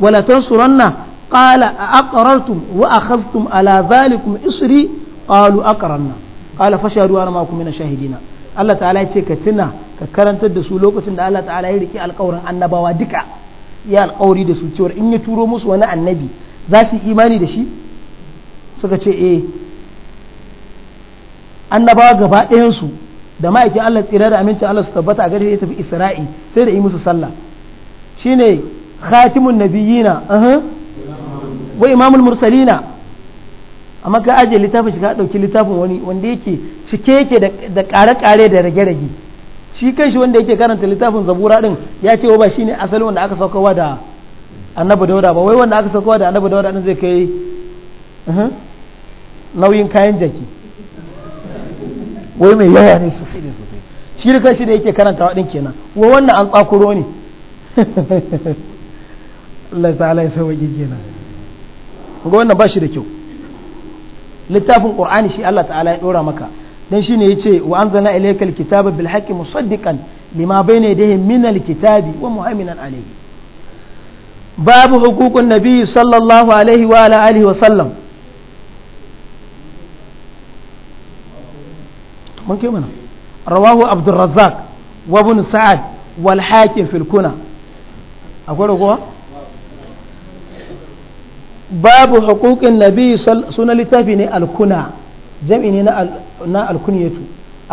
wa la tansurunna qala aqrartum wa akhadhtum ala dhalikum isri qalu aqrarna qala fashhadu ana ma'akum min shahidina Allah ta'ala ya ce ka tuna ka karantar da su lokacin da Allah ta'ala ya rike alƙawarin annabawa duka ya alƙawari da su cewar in ya turo musu wani annabi za su yi imani da shi suka ce eh annabawa gaba ɗayansu da ma'aikin Allah tsira da amincin Allah su tabbata a gari ya tafi Isra'i sai da yi musu sallah shine khatimun nabiyina wa imamul mursalina amma ka ajiye littafin shi ka ɗauki littafin wani wanda yake cike yake da ƙare-ƙare da rage-rage shi kai shi wanda yake karanta littafin zabura din ya ce wa ba ne asalin wanda aka saukarwa da annabi dauda ba wai wanda aka saukowa da annabi dauda din zai kai uh-huh, nauyin kayan jaki wai mai yawa ne sosai da sosai shi da kanshi da yake karanta waɗin kenan wa wannan an tsakuro ne Allah ta'ala ya sauwaƙe kenan ga wannan ba shi da kyau littafin qur'ani shi Allah ta'ala ya ɗora maka dan shine yace wa anzalna ilaykal kitaba bil haqqi musaddiqan lima bayna yadayhi min al kitabi wa muhaiminan alayhi babu hukukun nabi sallallahu alaihi wa alihi wa sallam sa'ad babu hukukin nabi sunan littafi ne alkuna ne na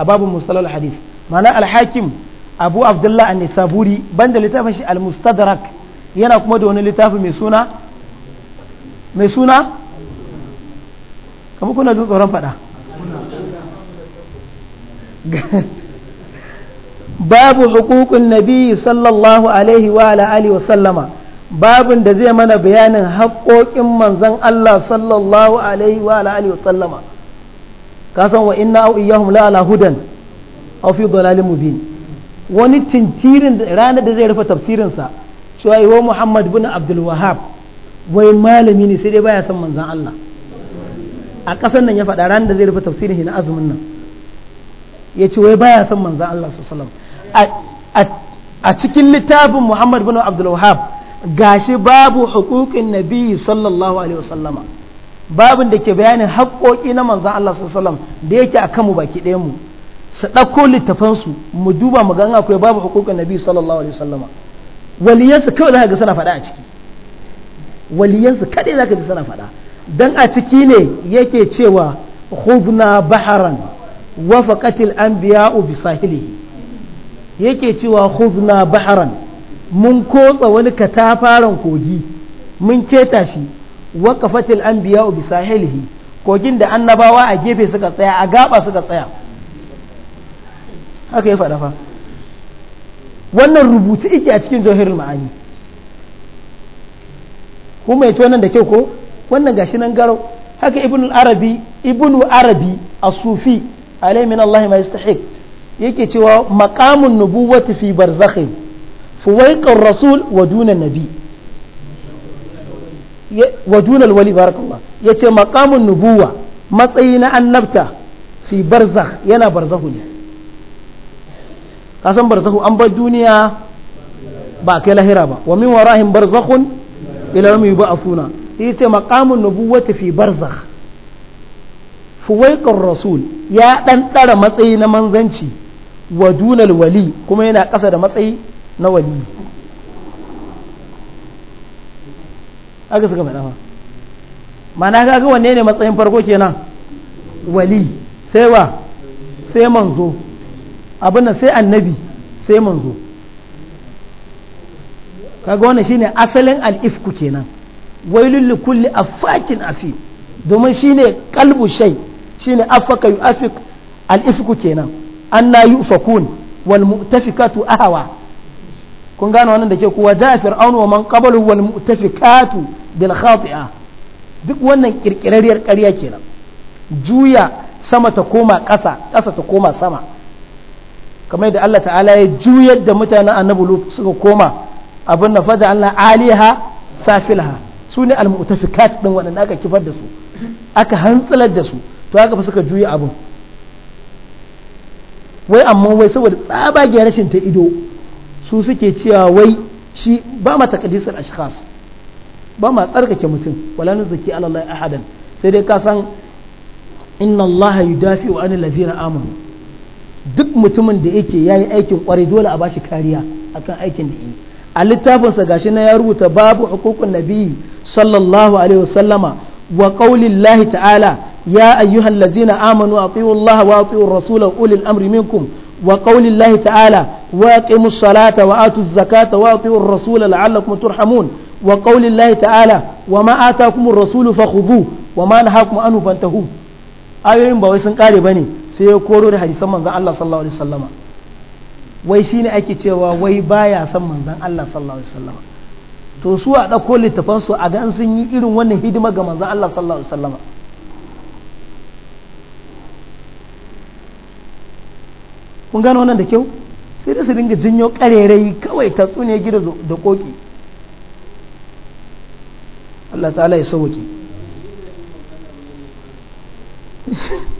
babu mustalal hadith alhakim abu abdullah an nisaburi banda littafin shi al-mustadrak yana kuma da wani littafi mai suna mai suna kamar kuna jin tsoron fada babu hukukun nabi sallallahu alaihi wa alihi wa sallama babin da zai mana bayanin haƙoƙin manzan Allah sallallahu alaihi wa alihi wa sallama kasan wa inna au la ala hudan aw fi dhalalin mubin wani tintirin ranar da zai rufe tafsirinsa cewa wa Muhammad bin Abdul Wahab wai malami ne sai dai baya son manzan Allah a ƙasar nan ya faɗa ran da zai rufe tafsirin na azumin nan ya ce wai baya son manzan Allah sallallahu a cikin littafin Muhammad bin Abdul Wahab gashi babu hukukin nabi sallallahu alaihi wasallama babin da ke bayanin haƙoƙi na manzan Allah sallallahu da yake akan mu baki ɗayan mu su ɗauko littafansu mu duba mu ga akwai babu hukukin nabi sallallahu alaihi wasallama waliyansa kawai za ka ga suna faɗa a ciki waliyansa kaɗai za ka ji suna faɗa don a ciki ne yake cewa hubna baharan wa an biya bi sahilihi yake cewa hubna baharan mun kotsa wani katafaren kogi mun keta shi wa an biya ubi sahilihi kogin da annabawa a gefe suka tsaya a gaba suka tsaya haka ya faɗa fa wannan rubuce ike a cikin jawahirul ma'ani kuma ya ci wannan da kyau ko wannan gashi nan garau haka ibn arabi ibn arabi a sufi alai min Allah ma yastahiq yake cewa maqamun nubuwati fi barzakhin fuwaiqar rasul wa duna nabi wa duna alwali barakallah yace maqamun nubuwa matsayi na annabta fi barzakh yana barzahu ne kasan barzakhu an bar duniya ba kai lahira ba wa min warahim barzakhun ila yawmi yub'athuna yace maqamun nubuwwati fi barzakh fuwaiqur rasul ya dan dara matsayi na manzanci wa dunal wali kuma yana kasa da matsayi na wali aka suka faɗa mana kaga wanne ne matsayin farko kenan wali sai wa sai manzo abin sai annabi sai manzo kaga wannan shine asalin al'ifku kenan wailul li kulli afakin afi domin shine kalbu shay shine afaka yu'afik al'ifku kenan anna yufakun wal mu'tafikatu ahwa kun gano wannan da ke kuwa ja fir'aun wa man qabalu wal mu'tafikatu bil khati'a duk wannan kirkirariyar ƙarya kenan juya sama ta koma ƙasa ƙasa ta koma sama kamar da Allah ta'ala ya juyar da mutanen annabi lut suka koma abin na faja Allah aliha safilha su ne al-mutafe almutafikat din waɗanda aka kifar da su aka hantsalar da su to haka fa suka juya abun. wai amma wai saboda tsabagen rashin ta ido su suke cewa wai shi ba ma takaddisar ashkhas ba ma tsarkake mutum wala nuzaki zaki Allah ahadan sai dai ka san inna Allah yudafi wa anil ladina amanu duk mutumin da yake yayi aikin kwarai dole a bashi kariya akan aikin da yi a littafinsa gashi na ya rubuta babu hukukun nabi sallallahu alaihi wasallama wa qaulillahi ta'ala ya ayyuhal ladzina amanu atiu Allah wa atiu rasul ulil amri minkum wa qaulillahi ta'ala wa aqimus salata wa atuz zakata wa atiu rasul la'allakum turhamun wa qaulillahi ta'ala wa ma atakumur rasul fakhudhu wa ma nahakum anhu fantahu ayoyin ba wai sun kare bane sai ya koro da hadisan manzan Allah sallallahu alaihi wasallama wai shi ne ake cewa wai baya son manzan Allah sallallahu alaihi wasallama to su a ɗauko littafan su a ga sun yi irin wannan hidima ga manzan Allah sallallahu alaihi wasallama kun gano wannan da kyau sai da su dinga jinyo ƙarerai kawai ta tsune gida da koki Allah ta'ala ya sauke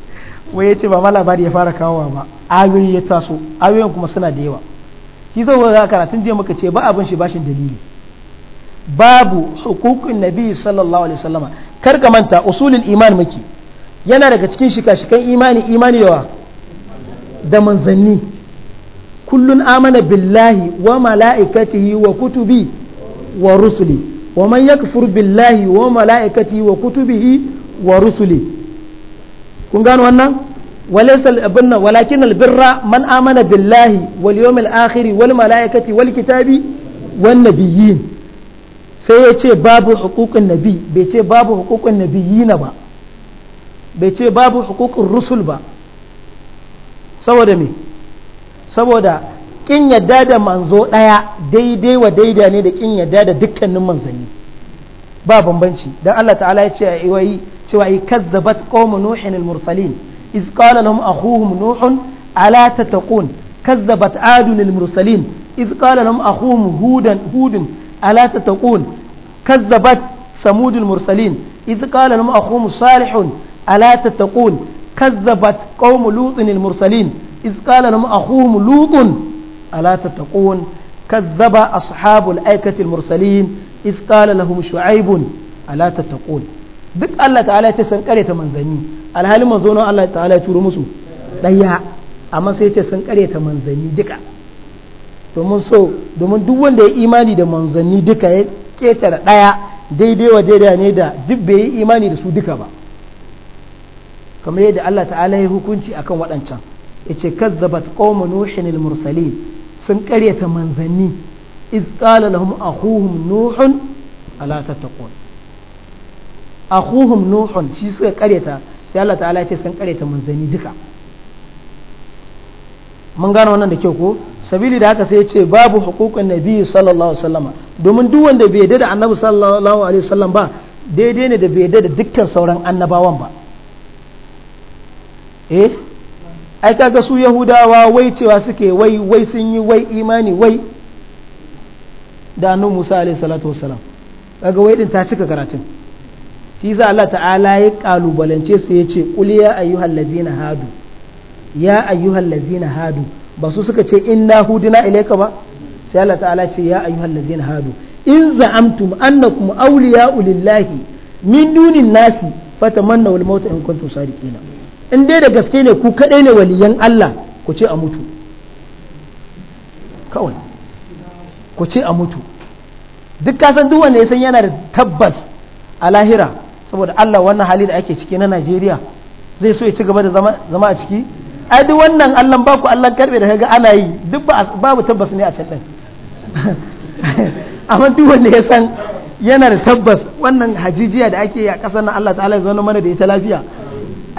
wai ya ce ba ma labari ya fara kawowa ba ayoyin ya taso ayoyin kuma suna da yawa shi zai ga karatun jiya muka ce ba abin shi bashin dalili babu hukukun nabi sallallahu alaihi wasallama kar ka manta usulul iman muke yana daga cikin shika-shikan imani imani yawa da manzanni kullun amana billahi wa mala'ikatihi wa kutubi wa rusuli wa man yakfur billahi wa mala'ikatihi wa kutubihi wa rusuli kun gano wannan walaysal abunna walakin albirra man amana billahi wal yawmil akhir wal malaikati wal kitabi wan nabiyyin sai ya ce babu hukukun nabi bai ce babu hukukun nabiyina ba bai ce babu hukukun rusul ba saboda me saboda kin yadda da manzo ɗaya daidai wa daida ne da kin yadda da dukkanin manzanni ba bambanci dan Allah ta'ala ya ce a iwayi cewa yi kazzabat qaumu nuhin al-mursalin iz qala lahum akhuhum nuhun ala tattaqun kazzabat adun al-mursalin iz qala lahum akhuhum hudan hudun ala tattaqun kazzabat samud al-mursalin iz qala lahum akhuhum salihun ala tattaqun kazzabat qaumu lutin al-mursalin iz qala lahum akhuhum lutun ala كذب أصحاب الأيكة المرسلين إذ قال لهم شعيب ألا تتقون duk Allah ta'ala ce sun kare ta manzanni alhali manzo Allah ta'ala ya turo musu daya amma sai ce sun kare ta manzanni duka domin so domin duk wanda ya imani da manzanni duka ya ketare daya daidai wa daidai ne da duk bai yi imani da su duka ba kamar yadda Allah ta'ala ya hukunci akan waɗancan yace kazzabat qaum nuhin al-mursalin sun karyata manzanni iz qala lahum akhuhum nuhun ala tattaqun akhuhum nuhun shi suka kareta sai Allah ta'ala ya ce sun kareta manzani duka mun gano wannan da kyau ko sabili da haka sai ya ce babu hukukan nabi sallallahu alaihi wasallam domin duk wanda bai yarda da annabi sallallahu alaihi wasallam ba daidai ne da bai yarda da dukkan sauran annabawan ba eh ai kaga su yahudawa wai cewa suke wai wai sun yi wai imani wai da annabi Musa alaihi salatu wasallam kaga wai din ta cika karatun shi za Allah ta'ala ya kalubalance su ya ce qul ya ayyuhal ladzina hadu ya ayyuhal ladzina hadu ba su suka ce inna hudina ilayka ba sai Allah ta'ala ce ya ayyuhal ladzina hadu in za'amtum annakum awliya'u ulillahi min dunin nasi fatamanna wal mauta in kuntum sadiqina in dai da gaske ne ku kadai ne waliyan Allah ku ce a mutu kawai ku ce a mutu duk kasan duk wanda ya san yana da tabbas a lahira saboda Allah wannan hali da ake ciki na Najeriya zai so ya ci gaba da zama a ciki ai duk wannan Allah ba ku Allah karbe da kaga ana yi duk babu tabbas ne a can din amma duk wanda ya san yana da tabbas wannan hajijiya da ake yi a ƙasar nan Allah ta'ala ya zo mana da ita lafiya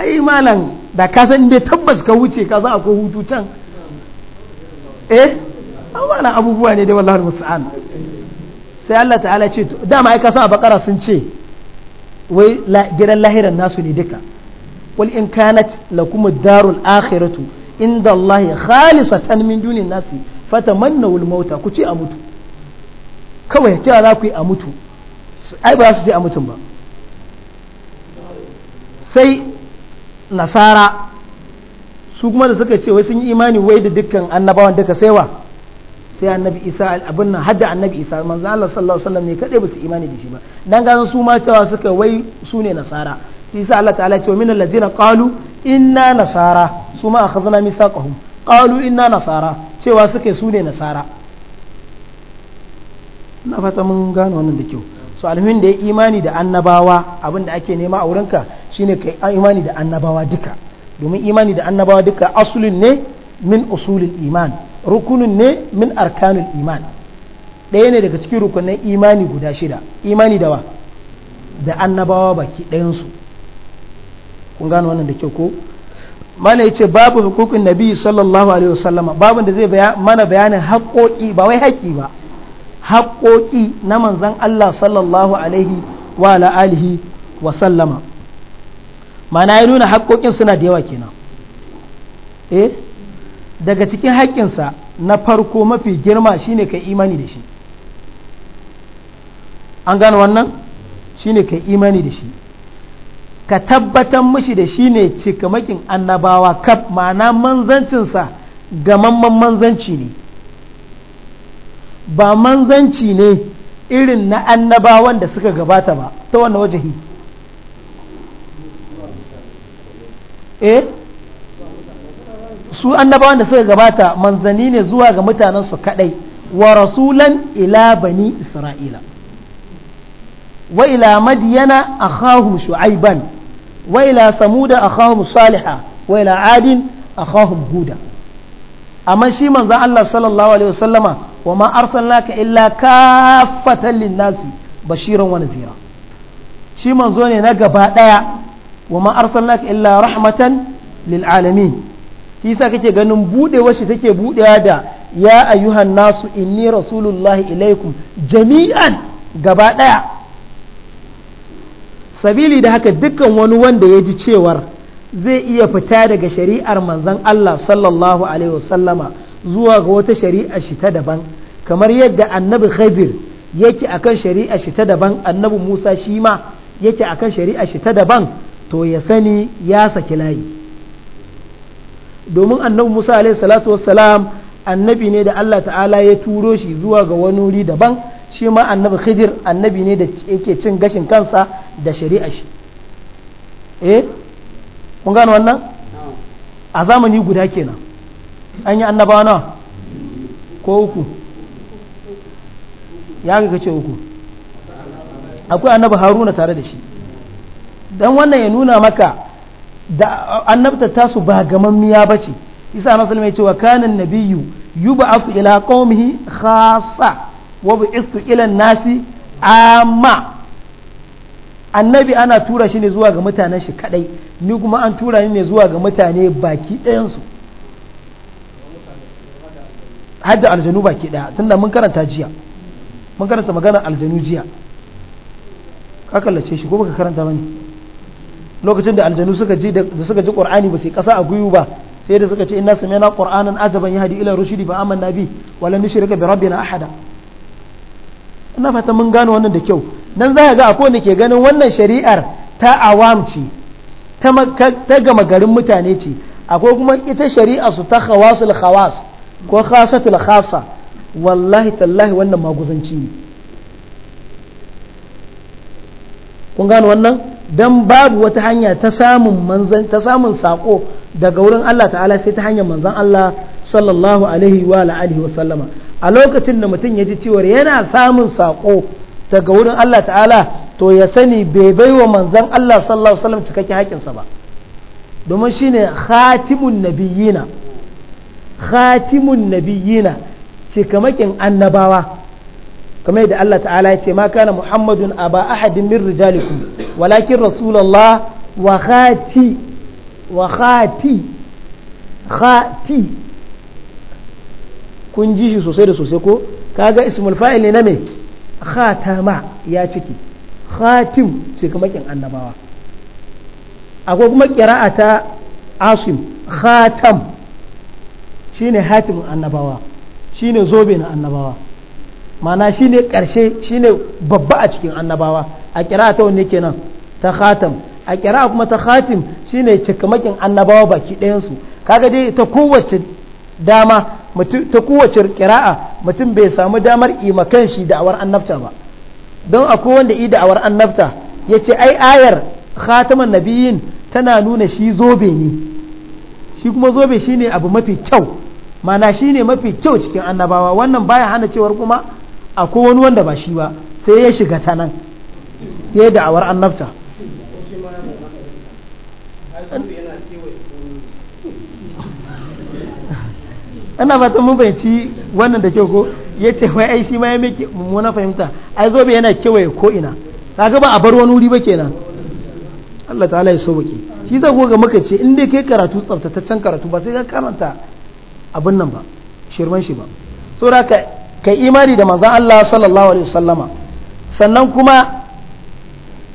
ai malam da ka san dai tabbas ka wuce ka za a ko hutu can eh amma abubuwa ne dai wallahi musta'an sai Allah ta'ala ce dama ai ka san a bakara sun ce wai gidan lahiran nasu ne duka wal in kanat lakum darul akhiratu inda Allah khalisatan min dunin nasi fatamannaw al-mauta ku ce a mutu kawai ce za ku yi a mutu ai ba su ce a mutum ba sai nasara su kuma da suka ce wai sun yi imani wai da dukkan annabawan duka sai wa sai annabi isa abin nan hadda annabi isa manzo Allah sallallahu alaihi wasallam ne kadai ba su imani da shi ba dan gano su ma cewa suka wai su ne nasara sai isa Allah ta'ala ce min allazina qalu inna nasara su ma akhadna misaqahum qalu inna nasara cewa suka su ne nasara na fata mun gano wannan da kyau su almin da ya imani da annabawa abin da ake nema a wurinka shine kai imani da annabawa duka domin imani da annabawa duka asulin ne min usulil iman rukunin ne min arkanul iman ɗaya ne daga cikin rukunin imani guda shida imani da wa da annabawa baki ɗayansu kun gano wannan da kyau ko mana ya ce babu hukukin nabi sallallahu alaihi wasallama babu da zai mana bayanin haƙoƙi ba wai haƙi ba haƙoƙi na manzan Allah sallallahu alaihi wa la'alihi wasallama sallama mana ya nuna haƙoƙin suna da yawa kenan eh daga cikin haƙƙinsa na farko mafi girma shine kai imani da shi an gano wannan shine kai imani da shi ka tabbatar mashi da shi ne cikamakin annabawa kaf ma'ana manzancinsa gamamman manzanci ne ba manzanci ne irin na annabawan da suka gabata ba ta wannan wajahi eh su annabawan da suka gabata manzanni ne zuwa ga mutanen su kadai wa rasulan ila bani isra'ila wa ila madiyana akhahum shu'aiban wa ila samuda akhahum saliha wa ila adin akhahum huda amma shi manzan Allah sallallahu alaihi wasallama wa ma arsalnaka illa kafatan linnasi bashiran wa nazira shi manzo ne na gaba daya wa ma arsalnaka illa rahmatan lil alamin shi sa kake ganin budewar shi take budewa da ya ayyuhan nasu inni rasulullahi ilaikum jami'an gaba daya sabili da haka dukkan wani wanda ya ji cewar zai iya fita daga shari'ar manzan Allah sallallahu alaihi wasallama zuwa ga wata shari'a shi ta daban kamar yadda annabi khadir yake akan shari'a shi ta daban annabi musa shi ma yake akan shari'a shi ta daban to ya sani ya saki layi domin annabi Musa alaihi salatu wassalam annabi ne da Allah ta'ala ya turo shi zuwa ga wani wuri daban shi ma annabi khidir annabi ne da yake cin gashin kansa da shari'a shi eh kun gano wannan a zamani guda kenan an yi annabawa na? ko uku ya ga kace uku akwai annabi haruna tare da shi dan wannan ya nuna maka da annabta tasu ba gamammiya ba ce isa na salama ya ce wa kanan nabiyu yub'athu ila qaumihi khassa wa bu'ithu ila nasi amma annabi ana tura shi ne zuwa ga mutanen shi kadai ni kuma an tura ni ne zuwa ga mutane baki ɗayan su hadda aljanu baki ɗaya tunda mun karanta jiya mun karanta magana aljanu jiya ka kallace shi ko baka karanta bane lokacin da aljanu suka ji da suka ji qur'ani ba sai kasa a guyu ba sai da suka ce inna na qur'anan ajaban yahdi ila rushdi fa amanna bi wa lan nushrika bi rabbina ahada ina fata mun gano wannan da kyau dan za ga akwai wanda ke ganin wannan shari'ar ta awamci ta gama garin mutane ce akwai kuma ita shari'a su ta khawasul khawas ko khasatul khasa wallahi tallahi wannan maguzanci ne kun gano wannan dan babu wata hanya ta samun manzan ta samun sako daga wurin Allah ta'ala sai ta hanyar manzan Allah sallallahu alaihi wa alihi wa sallama a lokacin da mutum ya ji cewa yana samun sako daga wurin Allah ta'ala to ya sani bai baiwa manzan Allah sallallahu alaihi wasallam cikakken haƙinsa ba domin shine khatimun nabiyina khatimun nabiyina cikamakin annabawa kamar yadda Allah ta'ala ya ce ma kana muhammadun aba ahadin min rijalikum walakin rasulullah wa khati wa khati khati kun ji shi sosai da sosai ko kaga ismul fa'il ne na me khatama ya ciki khatim ce kuma kin annabawa akwai kuma qira'a ta asim khatam shine hatim annabawa shine zobe na annabawa mana shine shi shine babba a cikin annabawa a kira ta wanne kenan ta khatam a kira kuma ta khatim shine cikamakin annabawa baki ɗayansu kaga dai ta kowace dama ta kowace kira'a mutum bai samu damar imakan shi da'awar annabta ba don akwai wanda yi da'awar annabta ya ce ai ayar khataman nabiyin tana nuna shi zobe ne shi kuma zobe shine abu mafi kyau mana shine mafi kyau cikin annabawa wannan baya hana cewar kuma akwai wani wanda ba shi ba sai ya shiga ta nan ya yi da'awar annabta ana fatan mun fahimci wannan da kyau ko ya ce wai ai shi ma ya mai mummuna fahimta ai zobe yana kewaye ko ina kaga ba a bar wani wuri ba kenan Allah ta'ala ya sauke shi za goga muka ce in dai kai karatu tsaftataccen karatu ba sai ka karanta abin nan ba shirman shi ba saboda kai imani da manzan Allah sallallahu alaihi wasallama sannan kuma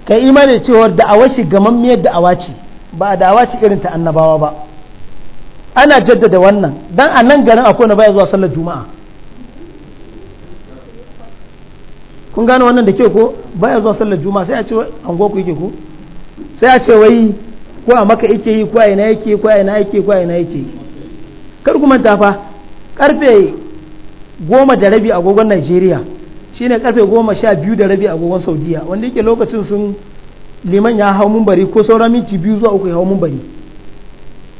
kai imani cewa da'awar shi gamammiyar da'awa ce ba da'awa ce irin ta annabawa ba ana jaddada wannan dan a nan garin akwai na baya zuwa sallar juma'a kun gane wannan da ke ko baya zuwa sallar juma'a sai a ce an ku yake ko sai a ce wai ko a maka yake yi ko a ina yake ko a ina yake ko a ina yake kar kuma ta fa karfe goma da rabi agogon Najeriya ne karfe goma sha biyu da rabi agogon Saudiya wanda yake lokacin sun liman ya hau bari ko sauran minti biyu zuwa uku ya hau bari.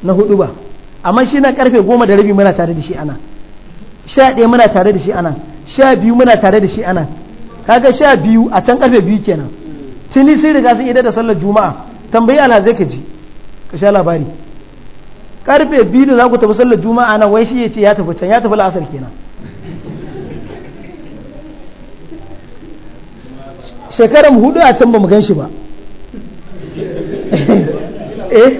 na hudu ba amma shi na karfe goma da rabi muna tare da shi ana sha ɗaya muna tare da shi ana sha biyu muna tare da shi ana kaga sha biyu a can karfe biyu kenan tuni sun riga sun idar da sallar juma'a tambayi ala zai ka ji ka sha labari karfe biyu da za ku tafi sallar juma'a na wai shi ya ce ya tafi can ya tafi la'asar kenan shekaran hudu a can ba mu gan shi ba eh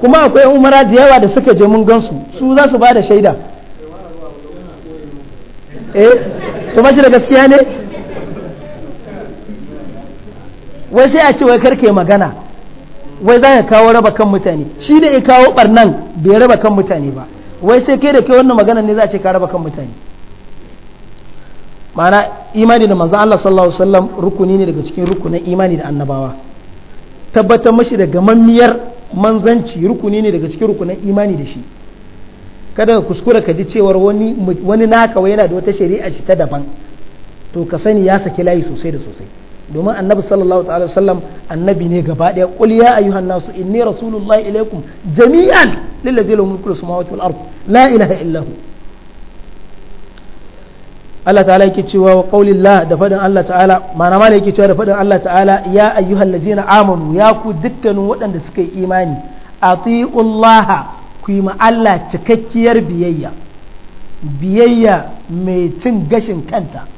kuma akwai umara da yawa da suka je mun gansu su za su ba da shaida eh to ba shi da gaskiya ne wai sai a ce wai karke magana wai za ka kawo raba kan mutane shi da ya kawo barnan bai raba kan mutane ba wai sai kai da kai wannan magana ne za a ce ka raba kan mutane ma'ana imani da manzo Allah sallallahu alaihi wasallam rukuni ne daga cikin rukunin imani da annabawa tabbatar mashi da gamammiyar manzanci rukuni ne daga cikin rukunin imani da shi kada ka kuskura ka ji cewar wani wani naka wai yana da wata shari'a shi ta daban to ka sani ya saki layi sosai da sosai domin annabi sallallahu ta'ala sallam annabi ne gaba daya qul ya ayyuhan nasu inni rasulullahi ilaikum jami'an lilladhi lahu mulku samawati wal ard la ilaha illa huwa Allah ta'ala yake cewa wa qaulillah da fadin Allah ta'ala ma'ana mala yake cewa da fadin Allah ta'ala ya ayyuhal amanu ya ku dukkanin waɗanda suka yi imani atiullaha ku yi ma Allah cikakkiyar biyayya biyayya mai cin gashin kanta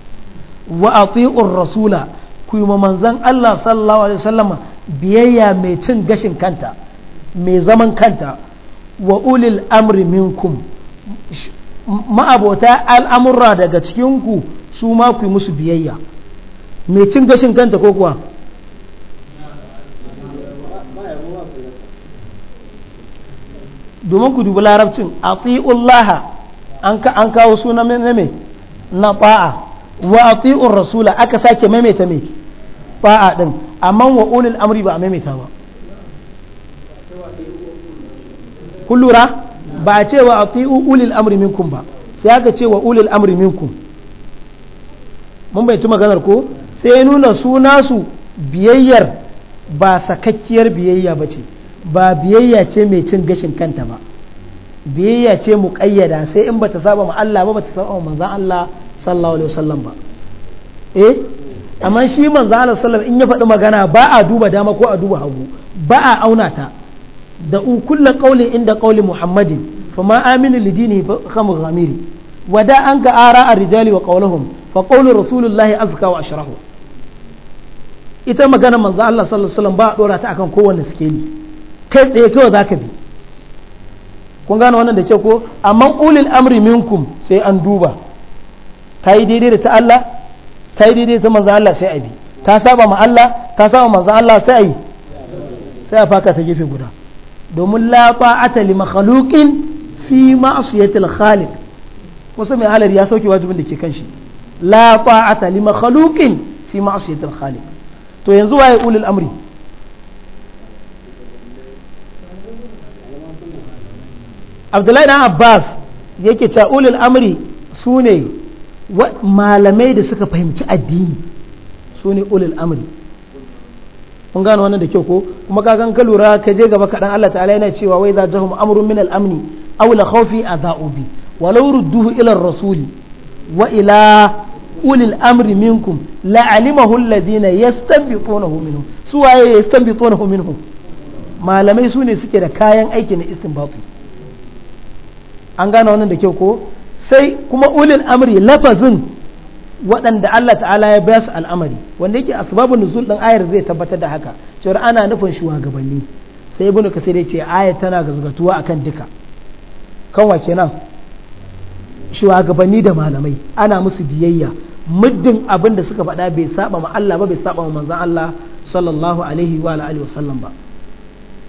wa atiur rasula ku yi ma manzon Allah sallallahu alaihi wasallam biyayya mai cin gashin kanta mai zaman kanta wa ulil amri minkum ma'abota al'amurra daga cikinku su ma ku musu biyayya mai cin gashin kanta ko kuwa domin ku dubi larabcin a tsi'ullaha an kawo suna mai na ta'a wa a tsi'un rasula aka sake maimaita mai ta'a din amma wa ulil amri ba a maimaita ba kullura? lura ba a ce wa ati'u ulil amri minkum ba sai aka ce wa ulil amri minkum mun bai ci maganar ko sai nuna suna su biyayyar ba sakakkiyar biyayya ba ce ba biyayya ce mai cin gashin kanta ba biyayya ce mu kayyada sai in bata saba ma Allah ba bata saba ma manzon Allah sallallahu alaihi wasallam ba eh amma shi manzon Allah sallallahu alaihi wasallam in ya faɗi magana ba a duba dama ko a duba hagu ba a auna ta da u kulla qawli inda qawli muhammadin fama aminu lidini khamu ghamiri da an ga ara a rijali wa qawluhum fa qawlu rasulullahi azka wa ashrahu ita magana manzo Allah sallallahu alaihi wasallam ba dora ta akan kowanne sikeli kai tsaye kawai zaka bi kun gane wannan da ke ko amma ulil amri minkum sai an duba ta yi daidai da ta Allah ta yi daidai da ta manzo Allah sai a bi ta saba ma Allah ta saba manzo Allah sai a yi sai a faka ta gefe guda domin la ta'ata li makhluqin fi ma'siyatil khaliq wasu mai halar ya sauke wajibin da ke kan shi la ta'ata li makhluqin fi ma'siyatil khaliq to yanzu waye ulul amri Abdullahi dan Abbas yake cewa ulul amri sune malamai da suka fahimci addini sune ulul amri kun gano wannan da kyau ko kuma ka kan ka lura ka je gaba kaɗan Allah ta'ala yana cewa wai za jahum amrun min al-amni aw la khawfi adha'u bi walau rudduhu ila ar-rasul wa ila ulil amri minkum la'alimahu alladhina yastanbitunahu minhum su waye yastanbitunahu minhum malamai su ne suke da kayan aiki na istinbatu an gano wannan da kyau ko sai kuma ulil amri lafazin waɗanda Allah ta'ala ya su al'amari wanda yake asbabun nuzul din ayar zai tabbatar da haka cewa ana nufin shugabanni sai ibnu kasir ya ce aya tana gazgatuwa akan duka kanwa kenan shugabanni da malamai ana musu biyayya muddin abin da suka faɗa bai saba ma Allah ba bai saba ma manzon Allah sallallahu alaihi wa alihi wa sallam ba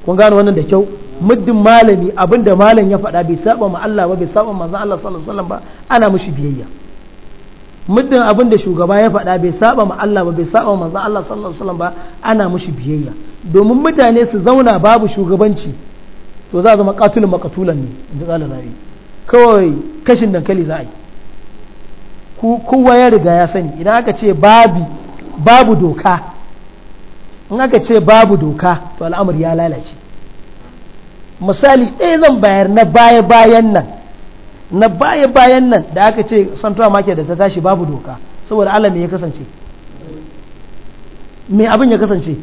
kun gano wannan da kyau muddin malami abin da malam ya faɗa bai saba ma Allah ba bai saba ma manzon Allah sallallahu alaihi wa sallam ba ana mushi biyayya muddin abin da shugaba ya faɗa bai saba ma Allah ba bai saba manzon Allah sallallahu alaihi wasallam ba ana mushi biyayya domin mutane su zauna babu shugabanci to za a zama katulun makatulan ne inda zala rabi kawai kashin dankali za a yi kowa ya riga ya sani idan aka ce babu babu doka in aka ce babu doka to al'amur ya lalace misali ɗaya zan bayar na baya bayan nan na baya bayan nan da aka ce central market da ta tashi babu doka saboda Allah ya kasance me abin ya kasance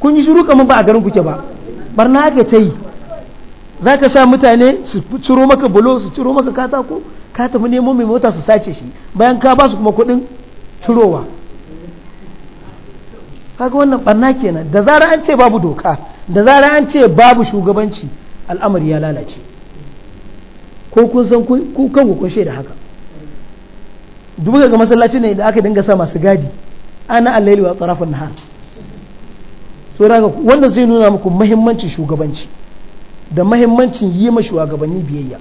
kun yi shiru kamar ba a garin kuke ba barna aka ta yi za ka sa mutane su ciro maka bulo su ciro maka katako ka tafi nemo mai mota su sace shi bayan ka ba su kuma kuɗin cirowa kaga wannan barna kenan da zarar an ce babu doka da zara an ce babu shugabanci al'amari ya lalace ko kun san ku kanku kun shaida haka duk ga masallaci ne da aka dinga sa masu gadi ana allaili wa tsarafin nahar so daga wanda zai nuna muku mahimmancin shugabanci da mahimmancin yi ma shugabanni biyayya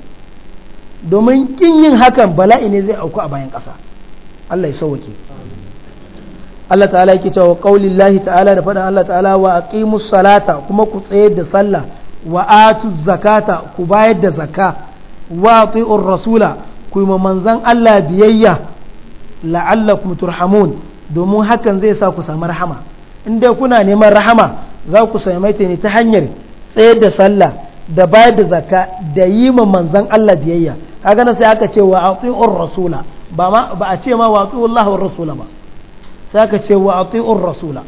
domin kin yin hakan bala'i ne zai auku a bayan ƙasa Allah ya sauke Allah ta'ala yake cewa qaulin lahi ta'ala da faɗan Allah ta'ala wa aqimus salata kuma ku tsayar da sallah wa atuz zakata ku bayar da zakka wa ati'ur rasula ku yi manzan Allah biyayya la'allakum turhamun domin hakan zai sa ku samu rahama in dai kuna neman rahama za ku same ta ne ta hanyar tsaye da sallah da bayar da zakka da yi ma manzan Allah biyayya kaga na sai aka ce wa ati'ur rasula ba ma ba a ce ma wa ati'ur Allah wa rasula ba sai aka ce wa ati'ur rasula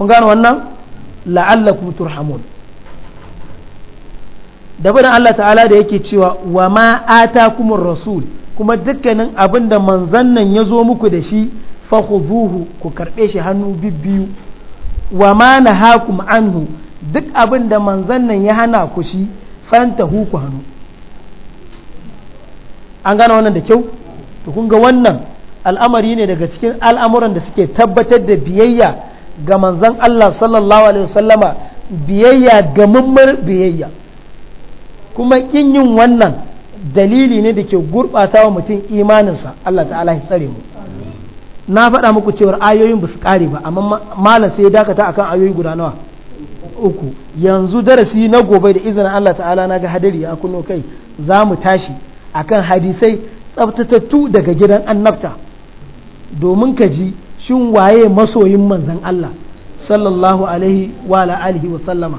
kun gano wannan la'allakum turhamun da faɗin Allah ta'ala da yake cewa wa ma atakumur rasul kuma dukkanin abin da manzan nan ya zo muku da shi fa buhu ku karbe shi hannu bibbiyu wa ma nahakum anhu duk abin da manzan nan ya hana ku shi fantahu ku hannu an gane wannan da kyau to kun ga wannan al'amari ne daga cikin al'amuran da suke tabbatar da biyayya ga manzan Allah sallallahu alaihi biyayya ga mummar biyayya kuma kin yin wannan dalili ne da ke gurɓata wa mutum imaninsa Allah ta'ala ya tsare mu na faɗa muku cewa ayoyin ba su ƙare ba amma malam sai ya dakata akan ayoyi guda nawa uku yanzu darasi na gobe da izinin Allah ta'ala na ga hadari ya kuno kai za mu tashi akan hadisai tsaftatattu daga gidan annabta domin ka ji shin waye masoyin manzon Allah sallallahu alaihi wa alihi wa sallama